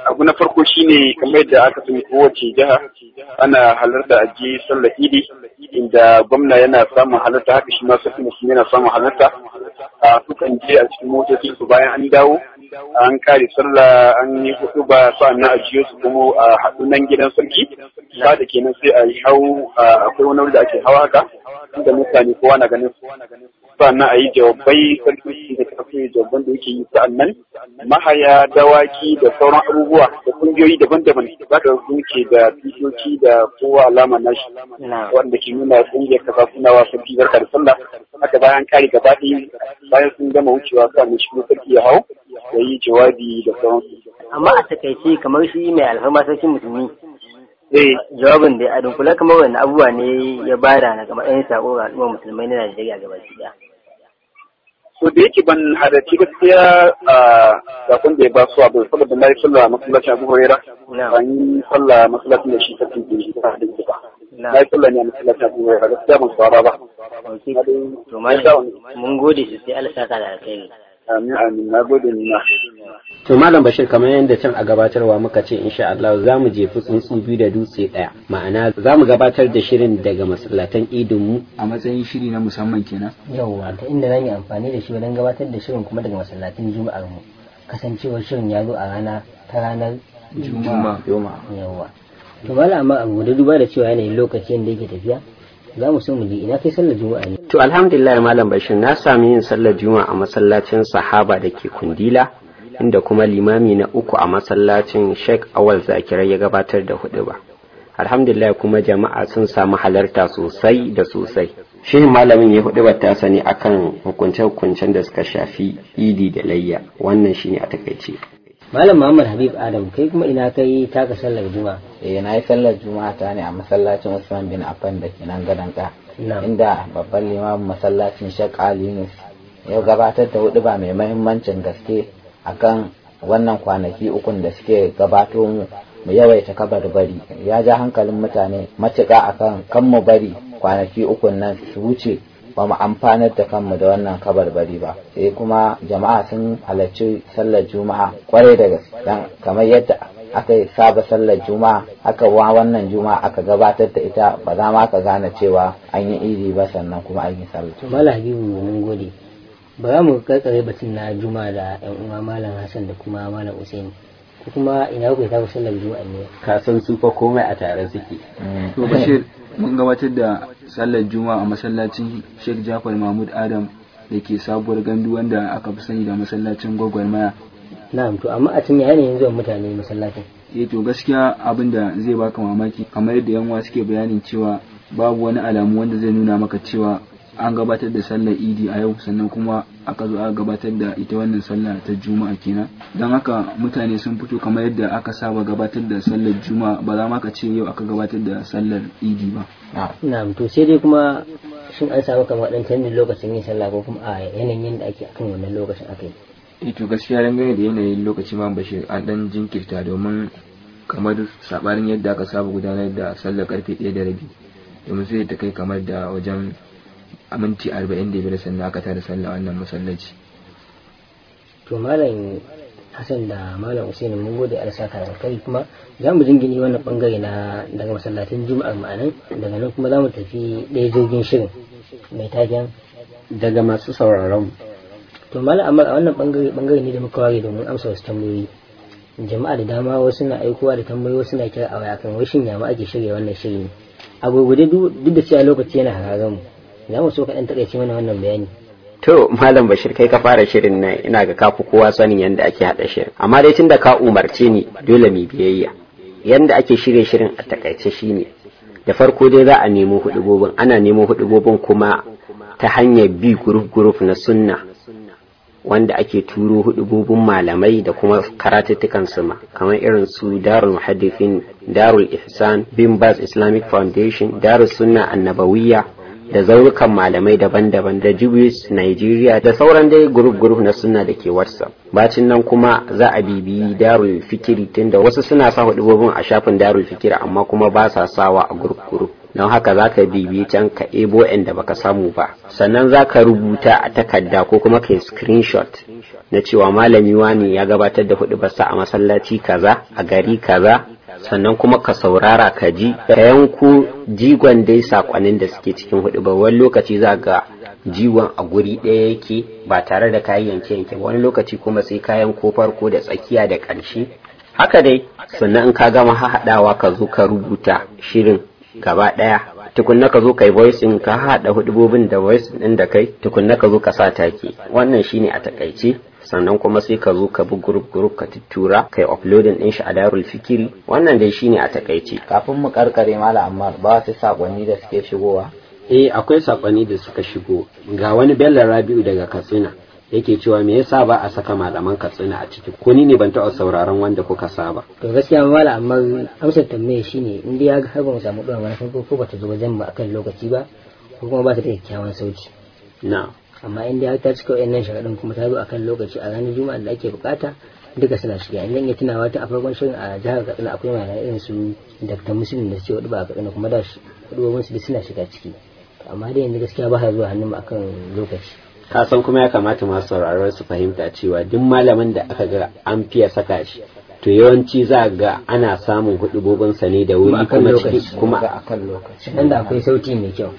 abu na farko shine kamar yadda aka sani kowace jiha ana halarta aji sallar idi inda gwamna yana samun halarta haka shi masu sarki musulmi yana samun halarta a sukan je a cikin motocin su bayan an dawo an kare sallah an yi hudu ba sa'annan na ajiye su kuma a haɗu nan gidan sarki ba da kenan sai a yi hau akwai wani wanda ake hawa haka inda mutane kowa na ganin sannan a yi jawabai sarki da kafin jawaban da yake yi sa'annan mahaya dawaki da sauran abubuwa da kungiyoyi daban-daban za ka zuke da tutoci da kowa alama na shi wanda ke nuna kungiyar kaza suna wasan sarki barka da sallah haka bayan kare gaba bayan sun gama wucewa sannan shi sarki ya hau ya yi jawabi da sauransu. amma a takaice kamar shi mai alfarma sarkin musulmi eh. jawabin da a dunkula kamar wani abubuwa ne ya bada na kamar ɗan sako ga al'ummar musulmai na Najeriya gaba ɗaya. so da yake ban halarci gaskiya a zakon da ya ba su abu saboda na yi sallah masallacin abu hurera ban yi sallah masallacin da shi ta tuntun shi ta hadin ba na yi sallah ne a masallacin abu hurera gaskiya ban su ba ba mun gode sosai Allah saka da alkhairi Amin To Malam Bashir kamar yadda can a gabatarwa muka ce insha Allah za mu jefi tsuntsu biyu da dutse ɗaya ma'ana za mu gabatar da shirin daga masallatan idin mu a matsayin shiri na musamman kenan. Yawwa ta inda zan yi amfani da shi wajen gabatar da shirin kuma daga masallatan juma'ar mu kasancewar shirin ya zo a rana ta ranar juma'a. Yawwa. To Malam amma abu da duba da cewa yanayin lokacin da yake tafiya za mu so mu je ina kai sallar juma'a ne. To alhamdulillah Malam Bashir na sami yin sallar juma'a a masallacin sahaba da ke kundila inda kuma limami na uku a masallacin Sheikh Awal Zakirai ya gabatar da hudu ba. Alhamdulillah kuma jama'a sun samu halarta sosai da sosai. Shi malamin ya hudu ta sani akan hukunce-hukuncen da suka shafi idi da layya wannan shine a takaice. Malam Muhammad Habib Adam kai kuma ina kai taka sallar juma'a. Eh na yi sallar juma'a ta ne a masallacin Usman bin Affan da ke nan gadon ka. inda babban limamin masallacin Sheikh Ali ya gabatar da hudu ba mai mahimmancin gaske akan wannan kwanaki ukun da suke gabato mu mu yawaita kabar ya ja hankalin mutane matuƙa akan kan mu bari kwanaki ukun nan su wuce ba mu amfanar da kanmu da wannan kabar ba sai eh, kuma jama'a sun halarci sallar juma'a kwarai da gaske kamar yadda aka yi saba sallar juma'a aka wa wannan juma'a aka gabatar da ita ba za ma ka gane cewa an yi iri ba sannan kuma an yi sallah to habibu mun gode ba za mu karkare batun na juma'a da yan uwa malam hassan da kuma malam usaini ko kuma ina ku saba sallar juma'a ne ka san su fa komai a tare suke mm. to bashir mun gabatar da sallar juma'a a masallacin Sheikh Jafar Mahmud Adam da ke sabuwar gandu wanda aka fi sani da masallacin gwagwarmaya na'am to amma a cikin yanayin zuwan mutane masallacin eh to gaskiya abin da zai baka mamaki kamar yadda yanwa suke bayanin cewa babu wani alamu wanda zai nuna maka cewa an gabatar da sallar idi a yau sannan kuma aka zo aka gabatar da ita wannan sallah ta juma'a kenan don haka mutane sun fito kamar yadda aka saba gabatar da sallar juma'a ba za ma ka ce yau aka gabatar da sallar idi ba na'am to sai dai kuma shin an samu kamar dan canjin lokacin yin sallah ko kuma a yanayin da ake akan wannan lokacin aka yi Eh, to gaskiya gane da yanayin lokaci ma bashir an dan jinkirta domin kamar sabarin yadda aka saba gudanar da sallar karfe 1 da rabi domin sai ta kai kamar da wajen aminti 45 sannan aka tada sallar wannan masallaci to malam Hassan da Malam Usaini mun gode alsa karan kai kuma zamu mu wannan bangare na daga masallatin Juma'ar ma'anan daga nan kuma zamu mu tafi ɗaya jirgin shirin mai taken daga masu sauraron to mala amma a wannan bangare bangare ne da muka ware domin amsa wasu tambayoyi jama'a da dama wasu na aikowa da tambayoyi wasu na kira a waya kan shin ya ake shirya wannan shiri ne a gurgude duk da cewa lokaci yana hararen mu za mu so kaɗan takaice mana wannan bayani To Malam Bashir kai ka fara shirin nan ina ga kafu kowa sanin yadda ake haɗa shirin. Amma dai tun da ka umarce ni dole mu biyayya. Yadda ake shirya shirin a takaice shine da farko dai za a nemo gobin ana nemo gobin kuma ta hanyar bi guruf guruf na sunna wanda ake turo hudubobin malamai da kuma karatuttukan sama kamar irin su darul muhaddithin darul ihsan bin bas islamic foundation darul sunna annabawiyya da zaurukan malamai daban-daban da jibis nigeria da sauran dai Guruf-guruf na sunna da ke whatsapp bacin nan kuma za a bibiyi darul fikiri tunda wasu suna sa hudubobin a shafin darul fikiri amma kuma ba sa sawa a guruf-guruf. don haka za ka bibi can ka ebo da baka samu ba sannan za ka rubuta a takarda ko kuma ka yi screenshot na cewa malami wani ya gabatar da hudu basa a masallaci kaza a gari kaza sannan kuma ka saurara ka ji ka yanku jigon dai sakonin da suke cikin hudu ba wani lokaci za ga jiwon a guri ɗaya yake ba tare da kayan yanke yanke wani lokaci kuma sai kayan ko farko da tsakiya da ƙarshe haka dai sannan in ka gama haɗawa ka zo ka rubuta shirin gaba daya tukun naka zo kai voicing ka hada hudubobin da voicing din da kai tukun naka zo ka sa take wannan shine a takaice sannan kuma sai ka zo ka bi group group ka tuttura kai uploading din shi a darul fikiri wannan dai shine a takaice kafin mu karkare mala, amma ba su sakonni da suke shigowa eh akwai sakonni da suka shigo ga wani Bello Rabiu daga Katsina yake cewa me yasa ba a saka malaman katsina a ciki ko ni ne ban taɓa sauraron wanda kuka saba to gaskiya mala amma amsar tambaya shine in dai har ba mu samu ɗora mana ko ba ta zo wajen ba akan lokaci ba ko kuma ba ta da kyakkyawan sauti na amma in dai ta cika wayannan sharaɗin kuma ta zo akan lokaci a ranar juma'a da ake bukata duka suna shiga idan ya tunawa ta a farkon shirin a jihar katsina akwai malaman irin su dr muslim da suke ba a katsina kuma da su suna shiga ciki amma dai yanzu gaskiya ba zuwa hannun akan lokaci ka san kuma ya kamata masu sauraron su fahimta cewa duk malamin da aka ga an fiya saka shi to yawanci za ga ana samun hudubobin sa ne da wuri kuma ciki kuma a kan lokaci nan akwai sauti mai kyau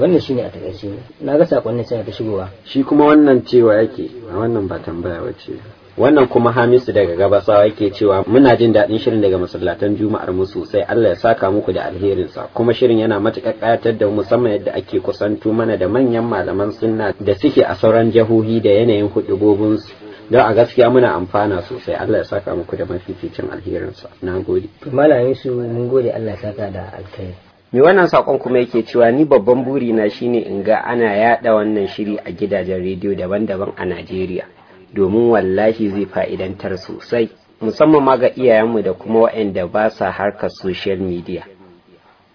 wannan shine a takaice na ga sakonnin sai ta shigowa shi kuma wannan cewa yake wannan ba tambaya ce. wannan kuma hamisu daga gabasawa yake cewa muna jin daɗin shirin daga masallatan juma'ar mu sosai allah ya saka muku da alherinsa kuma shirin yana matuƙar ƙayatar da musamman yadda ake kusantu mana da manyan malaman sunna da suke a sauran jahohi da yanayin hudubobin su don a gaskiya muna amfana sosai allah ya saka muku da mafificin alherinsa na gode malamin su mun gode allah ya saka da alkhairi mai wannan saƙon kuma yake cewa ni babban burina shine in ga ana yaɗa wannan shiri a gidajen rediyo daban-daban a najeriya domin wallahi zai fa'idantar sosai musamman ma ga iyayenmu da kuma waɗanda ba sa harkar social media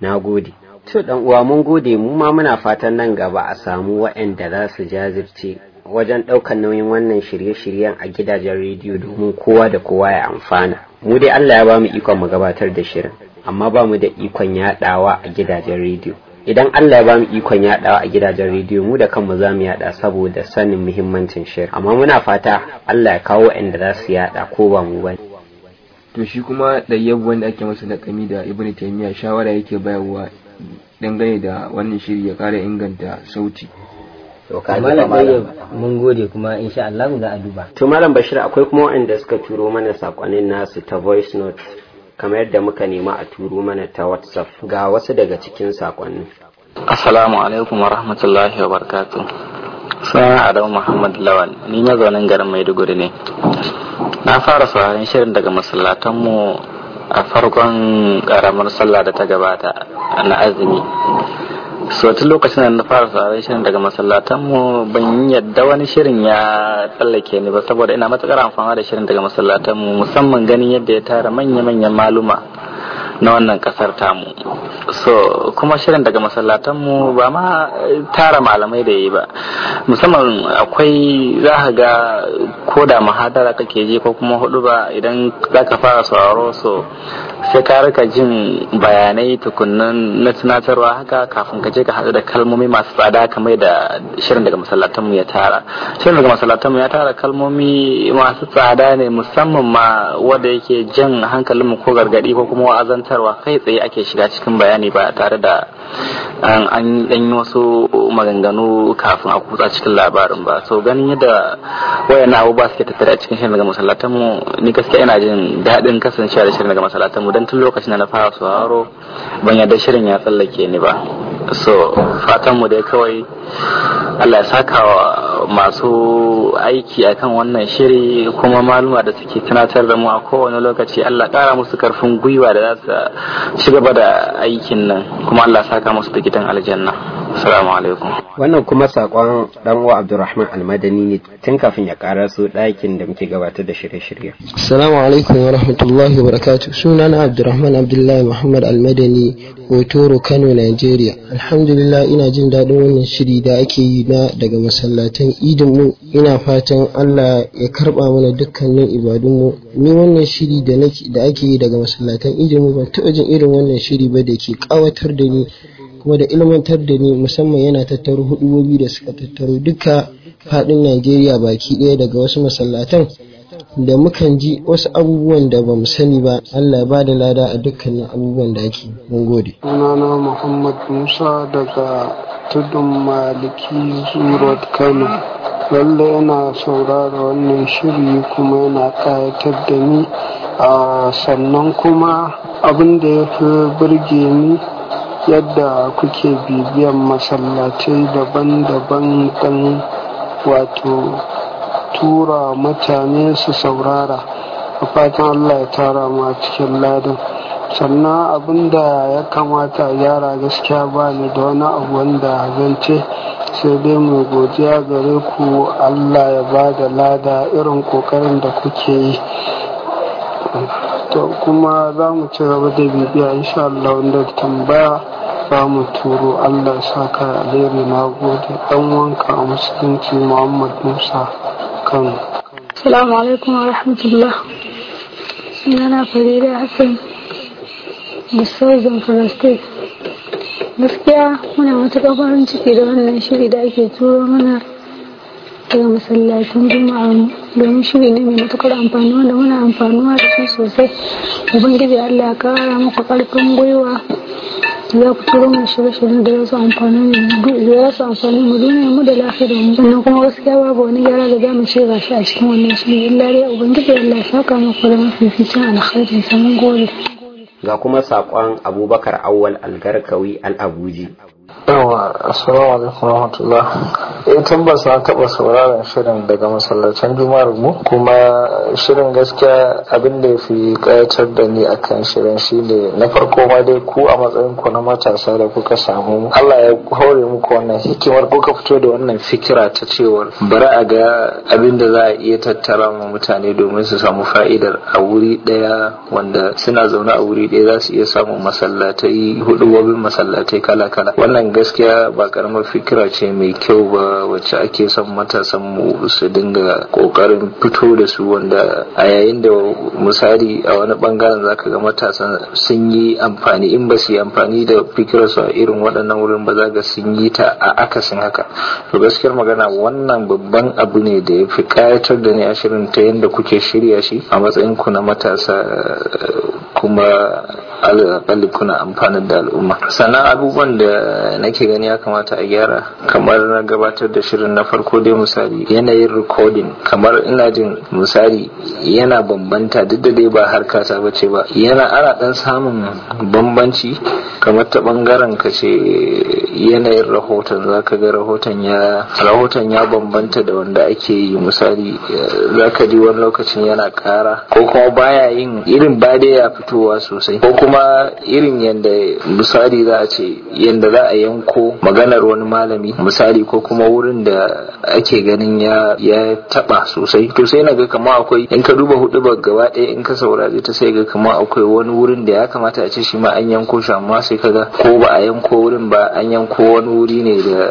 na gode to ɗan uwa mun gode mu ma muna fatan nan gaba a samu waɗanda za su jazirce wajen ɗaukar nauyin wannan shirye-shiryen a gidajen rediyo domin kowa da kowa ya amfana mu dai Allah ya ba mu ikon mu gabatar da shirin amma ba mu da ikon yaɗawa a gidajen rediyo idan Allah ya ba mu ikon yadawa a gidajen rediyo mu da kanmu za mu yada saboda sanin muhimmancin shirin. amma muna fata Allah ya kawo inda za su yada ko ba mu bane to shi kuma da ɗayyabu wanda ake masa laƙami da ibnu taymiya shawara yake bayarwa dangane da wannan shiri ya ƙara inganta sauti to malam mun gode kuma insha Allah za a duba to malam bashir akwai kuma waɗanda suka turo mana sakonnin nasu ta voice note kamar yadda muka nema a turu mana ta whatsapp ga wasu daga cikin sakonni. assalamu alaikum wa rahmatullahi wa barakatu suna adamu muhammad lawal ni mazaunin garin maiduguri ne na fara sauraron shirin daga masallatanmu a farkon karamar sallah da ta gabata na azumi so lokacin da na fara tsarin shirin daga masallatan mu ban yadda wani shirin ya tsallake ni ba saboda ina matukar amfana da shirin daga masallatan mu musamman ganin yadda ya tara manya-manyan maluma na wannan kasar tamu so kuma shirin daga masallatanmu ba ma eh, tara malamai da yi ba musamman akwai za ka ga ko da mahadara kake je ko kuma hudu ba idan za ka fara sauraro so sai ka rika jin bayanai tukunan na tunatarwa haka kafin ka je ka haɗu da kalmomi masu tsada kamar da shirin daga masallatanmu ya tara shirin daga masallatanmu ya tara kalmomi masu tsada ne musamman ma wanda yake jan hankalinmu ko gargadi ko kuma wa'azanta gabatarwa kai tsaye ake shiga cikin bayani ba tare da an yi wasu maganganu kafin a kutsa cikin labarin ba so ganin yadda wayan abubuwa suke tattare a cikin shirin daga masallatan ni gaskiya ina jin daɗin kasancewa da shirin daga masallatan mu don tun lokacin da na fara sauraro ban yadda shirin ya tsallake ni ba so fatan mu dai kawai Allah ya saka wa masu aiki a kan wannan shiri kuma maluma da suke tunatar da mu a kowane lokaci Allah kara musu karfin gwiwa da za su ci gaba da aikin nan kuma Allah saka musu da gidan aljanna assalamu alaikum wannan kuma sakon dan uwa Abdulrahman Almadani ne tun kafin ya ƙara su ɗakin da muke gabatar da shirye-shirye assalamu alaikum wa rahmatullahi wa barakatuh sunana Abdulrahman Abdullahi Muhammad Almadani Hotoro Kano Nigeria alhamdulillah ina jin daɗin wannan shiri da ake yi na daga masallatan idinmu idin mu ina fatan Allah ya karba mana dukkanin ibadun mu ni wannan shiri da nake da ake yi daga masallatan idin mu ban taɓa jin irin wannan shiri ba da ke kawatar da ni kuma da ilmantar da ni musamman yana tattaro hudubobi da suka tattaro duka fadin Najeriya baki ɗaya daga wasu masallatan da mukan ji wasu abubuwan da ba mu sani ba Allah ba da lada a dukkanin abubuwan da ake mun gode sunana Muhammad Musa daga tudun maliki zurot kano lalle yana saurara wannan shiri kuma yana ƙayatar da ni a sannan kuma abinda ya fi birge ni yadda kuke bibiyan masallatai daban-daban ɗan wato tura mutane su saurara a fatan allah ya tara mu a cikin ladan sannan abin da ya kamata a gyara gaskiya ba ni da wani abu wanda zan ce sai dai mai godiya gare ku allah ya ba da lada irin kokarin da kuke yi to kuma za mu ci gaba da bibiya insha allah wanda tambaya za mu turo allah saka alheri na gode dan wanka a musulunci muhammad musa kan Salamu alaikum wa rahmatullah. Sunana Farida Hassan. Musozin Farastik. Gaskiya muna matuƙar farin ciki da wannan shiri da ake turo mana daga masallacin juma'a domin shiri ne mai matuƙar amfani wanda muna amfanuwa da shi sosai. Ubangiji Allah ya kara muku ƙarfin gwiwa za ku turo mai shirye-shiryen da za su amfani da za amfani mu duniya mu da lafiyar mu sannan kuma gaskiya babu wani gyara da za mu ce ga shi a cikin wannan shiri illa dai ubangiji Allah ya saka muku da mafificin alkhairin sa mun gode ga kuma saƙon abubakar awwal algarkawi abuji yawa assalamu alaikum rahmatullah ya eh, tabbas na taɓa sauraron shirin daga masallacin juma'ar mu kuma shirin gaskiya abin da fi kayatar da ni akan shirin shine na farko ma dai ku a matsayin ku na matasa da kuka samu Allah ya hore muku wannan hikimar kuka fito da wannan fikira ta cewar bari a ga abin da za a iya tattara ma mutane domin su samu fa'idar a wuri ɗaya wanda suna zaune a wuri ɗaya za su iya samun masallatai hudu masallatai kala kala wannan gaskiya ba karamar fikira ce mai kyau ba wacce ake son matasan mu su dinga kokarin fito da su wanda a yayin da misali a wani bangaren zaka ga matasan sun yi amfani in ba su yi amfani da fikira su a irin waɗannan wurin ba za ga sun yi ta a akasin haka to gaskiyar magana wannan babban abu ne da ya fi kayatar da ni a shirin ta yadda kuke shirya shi a matsayin ku na matasa kuma alaƙalli kuna amfani da al'umma sannan abubuwan da nake gani ya kamata a gyara kamar na gabatar da shirin na farko dai misali yanayin recording kamar ina jin misali yana bambanta duk da dai ba harka ta bace ba yana ana dan samun bambanci kamar ta ɓangaren ka ce yanayin rahoton za ka ga rahoton ya bambanta da wanda ake yi misali za ka ji wani lokacin yana kara ko kuma baya yin irin ba dai ya fitowa sosai ko kuma irin yadda misali za a ce yadda za a yanko maganar wani malami misali ko kuma wurin da ake ganin ya ya taba sosai to sai naga kama akwai in ka duba hudu ba gaba ɗaya in ka saurari ta sai ga kama akwai wani wurin da ya kamata a ce shi ma an yanko shi amma sai ga ko ba a yanko wurin ba an yanko wani wuri ne da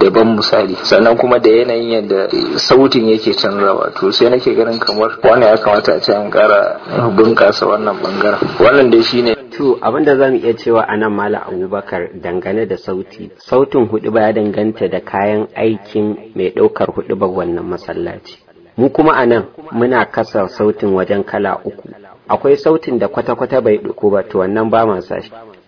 daban misali sannan kuma da yanayin yadda sautin yake canzawa to sai nake ganin kamar wani ya kamata a ce an kara bunkasa wannan bangaren wannan dai ne. to abin da zamu iya cewa a nan malam abubakar dangane da sauti sautin hudu ya danganta da kayan aikin mai ɗaukar hudu wannan masallaci mu kuma a nan muna kasa sautin wajen kala uku akwai sautin da kwata-kwata bai ɗuku ba to wannan ba ma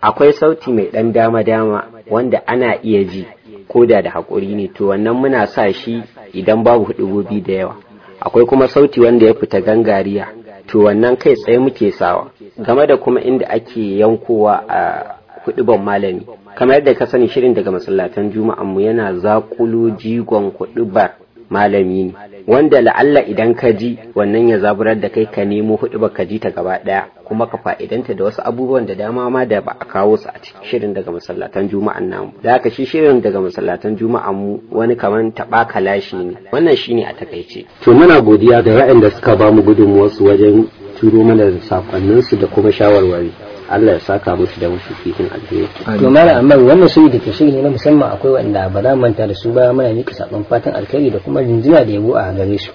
akwai sauti mai ɗan dama-dama wanda ana iya ji ko da da haƙuri ne to wannan muna sa shi idan babu hudubobi da yawa akwai kuma sauti wanda ya fita gangariya to wannan kai tsaye muke sawa game da kuma inda ake yankowa a hudubar malami kamar yadda ka sani shirin daga masallatan juma'an mu yana zakulo jigon hudubar malami ne wanda la'alla idan ka ji wannan ya zaburar da kai ka nemo hudu ba ka ji ta gaba daya kuma ka fa'idanta da wasu abubuwan da dama ma da ba a kawo su a cikin shirin daga masallatan juma'an namu da haka shi shirin daga masallatan juma'an mu wani kaman taba kalashi ne wannan shine a takaice to muna godiya ga ra'ayin da suka ba mu su wajen turo mana da su da kuma shawarwari Allah ya saka musu da wasu fitin aljihu. to mala amma wannan sai da ke shiri ne na musamman akwai wanda ba za manta da su ba mana mika sakon fatan alkhairi da kuma jinjina da yabo a gare su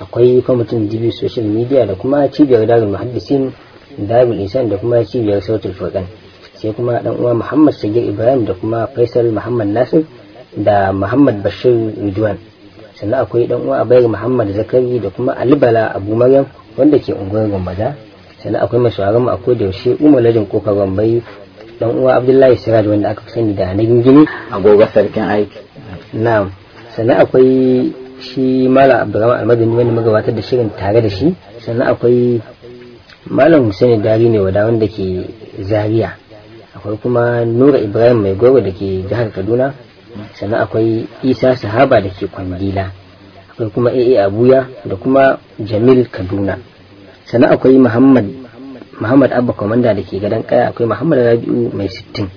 akwai kwamitin jibi social media da kuma cibiyar darul muhaddisin darul isan da kuma cibiyar sautul furqan sai kuma dan uwa Muhammad Sagir Ibrahim da kuma Faisal Muhammad Nasir da Muhammad Bashir Ridwan sannan akwai dan uwa Abayar Muhammad Zakari da kuma Ali Bala Abu Maryam wanda ke unguwar Gombaza sannan akwai mai sauraron mu akwai da yaushe umar lajin koka bambai dan uwa abdullahi siraj wanda aka sani da na gingini agogo sarkin aiki na'am sannan akwai shi malam abdurrahman almadani wanda magabatar da shirin tare da shi sannan akwai malam hussein dari ne wada wanda ke zaria akwai kuma nura ibrahim mai goro da ke jihar kaduna sannan akwai isa sahaba da ke kwangila akwai kuma aa abuya da kuma jamil kaduna sannan akwai muhammad muhammad abba komanda da ke gadon kaya akwai muhammad rabi'u mai sittin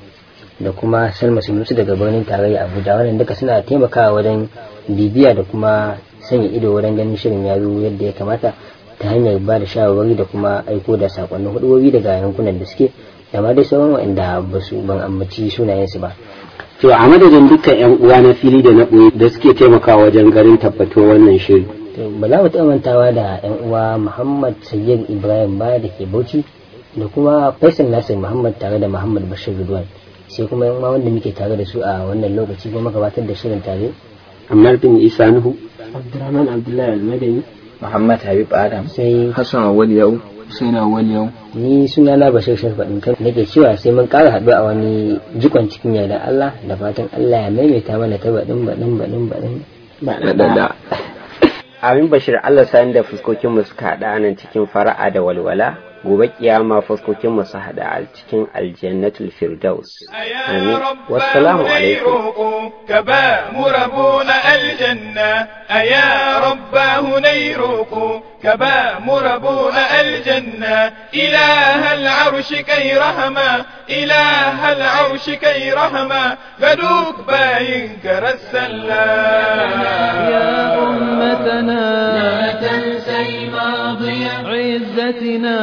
da kuma salma sunusu daga birnin tarayya abuja wannan duka suna taimakawa wajen bibiya da kuma sanya ido wajen ganin shirin ya yadda ya kamata ta hanyar ba da shawarwari da kuma aiko da sakonnin hudubobi daga yankunan da suke da ma dai sauran waɗanda ba su ban ambaci sunayensu ba to a madadin dukkan yan uwa na fili da na ɓoye da suke taimakawa wajen garin tabbatar wannan shiri ba za mu mantawa da yan uwa muhammad sayyid ibrahim ba da ke bauchi da kuma faisal nasir muhammad tare da muhammad bashir ridwan sai kuma yan uwa wanda muke tare da su a wannan lokaci kuma batar da shirin tare Ammar bin isa nuhu abdurrahman abdullahi almadani muhammad habib adam sai hassan awal yau sai na wani yau ni suna na bashir fadin kan nake cewa sai mun ƙara haɗu a wani jikon cikin yarda allah da fatan allah ya maimaita mana ta baɗin baɗin baɗin baɗin da. Amin Bashir Allah sani da fuskokinmu suka haɗa nan cikin fara'a da walwala, gobe kiyama fuskokinmu su haɗa a cikin aljannatul firdaus. Amin. Wassalamu alaikum. كبا مربون الجنة إله العرش كي رحمة إله العرش كي رحمة غدوك باين كرسلا يا أمتنا لا تنسي ماضية عزتنا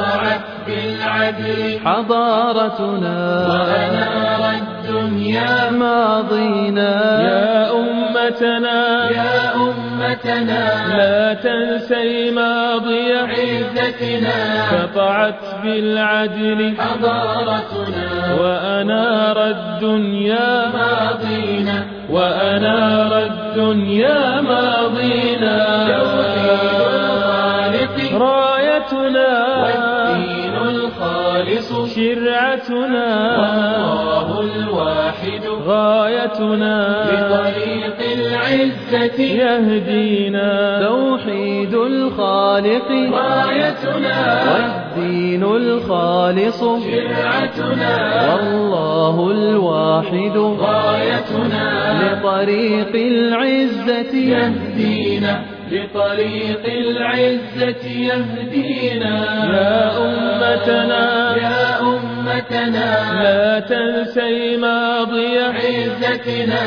وقعت بالعدل حضارتنا وأنارت الدنيا ماضينا يا أمتنا يا أمتنا لا تنسي ماضي عزتنا قطعت بالعدل حضارتنا وأنار الدنيا ماضينا وأنار الدنيا ماضينا الخالق رايتنا والدين الخالص شرعتنا غايتنا لطريق العزة يهدينا توحيد الخالق غايتنا والدين الخالص شرعتنا والله الواحد غايتنا لطريق العزة يهدينا لطريق العزة يهدينا يا أمتنا يا أمتنا عزتنا لا تنسي ماضي عزتنا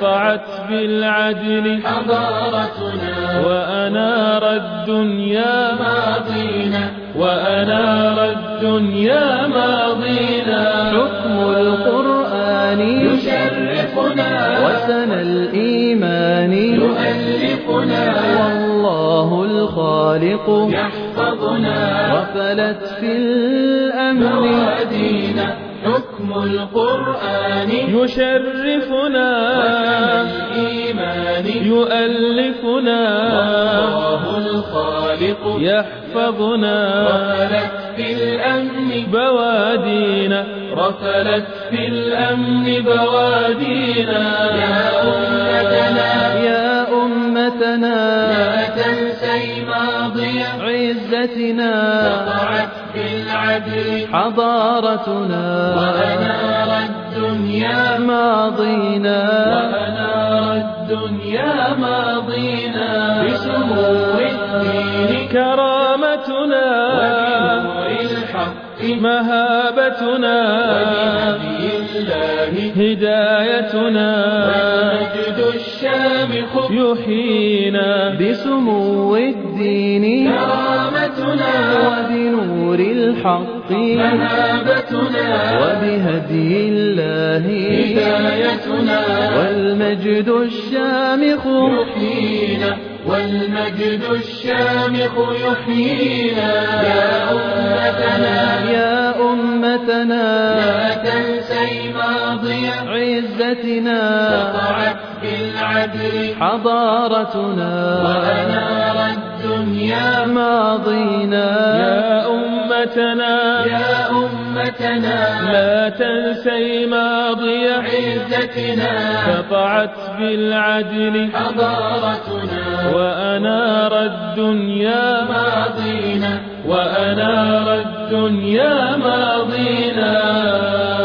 قطعت بالعدل حضارتنا وأنار الدنيا ماضينا وأنار الدنيا ماضينا حكم القرآن يشرفنا وسنى الإيمان يؤلفنا والله الخالق يحفظنا غفلت في الأمن موادينا حكم القرآن يشرفنا الإيمان يؤلفنا والله الخالق يحفظنا غفلت في الأمن بوادينا غفلت في الأمن بوادينا يا أمتنا يا أمتنا عزتنا وقعت بالعدل حضارتنا وأنار الدنيا ماضينا وأنار الدنيا ماضينا بسمو الدين كرامتنا وبنور الحق مهابتنا وبنبي الله هدايتنا والمجد الشامخ يحيينا بسمو الدين كرامتنا وبنور الحق منابتنا وبهدي الله هدايتنا والمجد الشامخ يحيينا والمجد الشامخ يحيينا يا أمتنا يا أمتنا لا تنسي ماضي عزتنا وقعت بالعدل حضارتنا وأنارت الدنيا ماضينا يا أمتنا يا أمتنا لا تنسي ماضي عزتنا قطعت بالعدل حضارتنا وأنار الدنيا ماضينا وأنار الدنيا ماضينا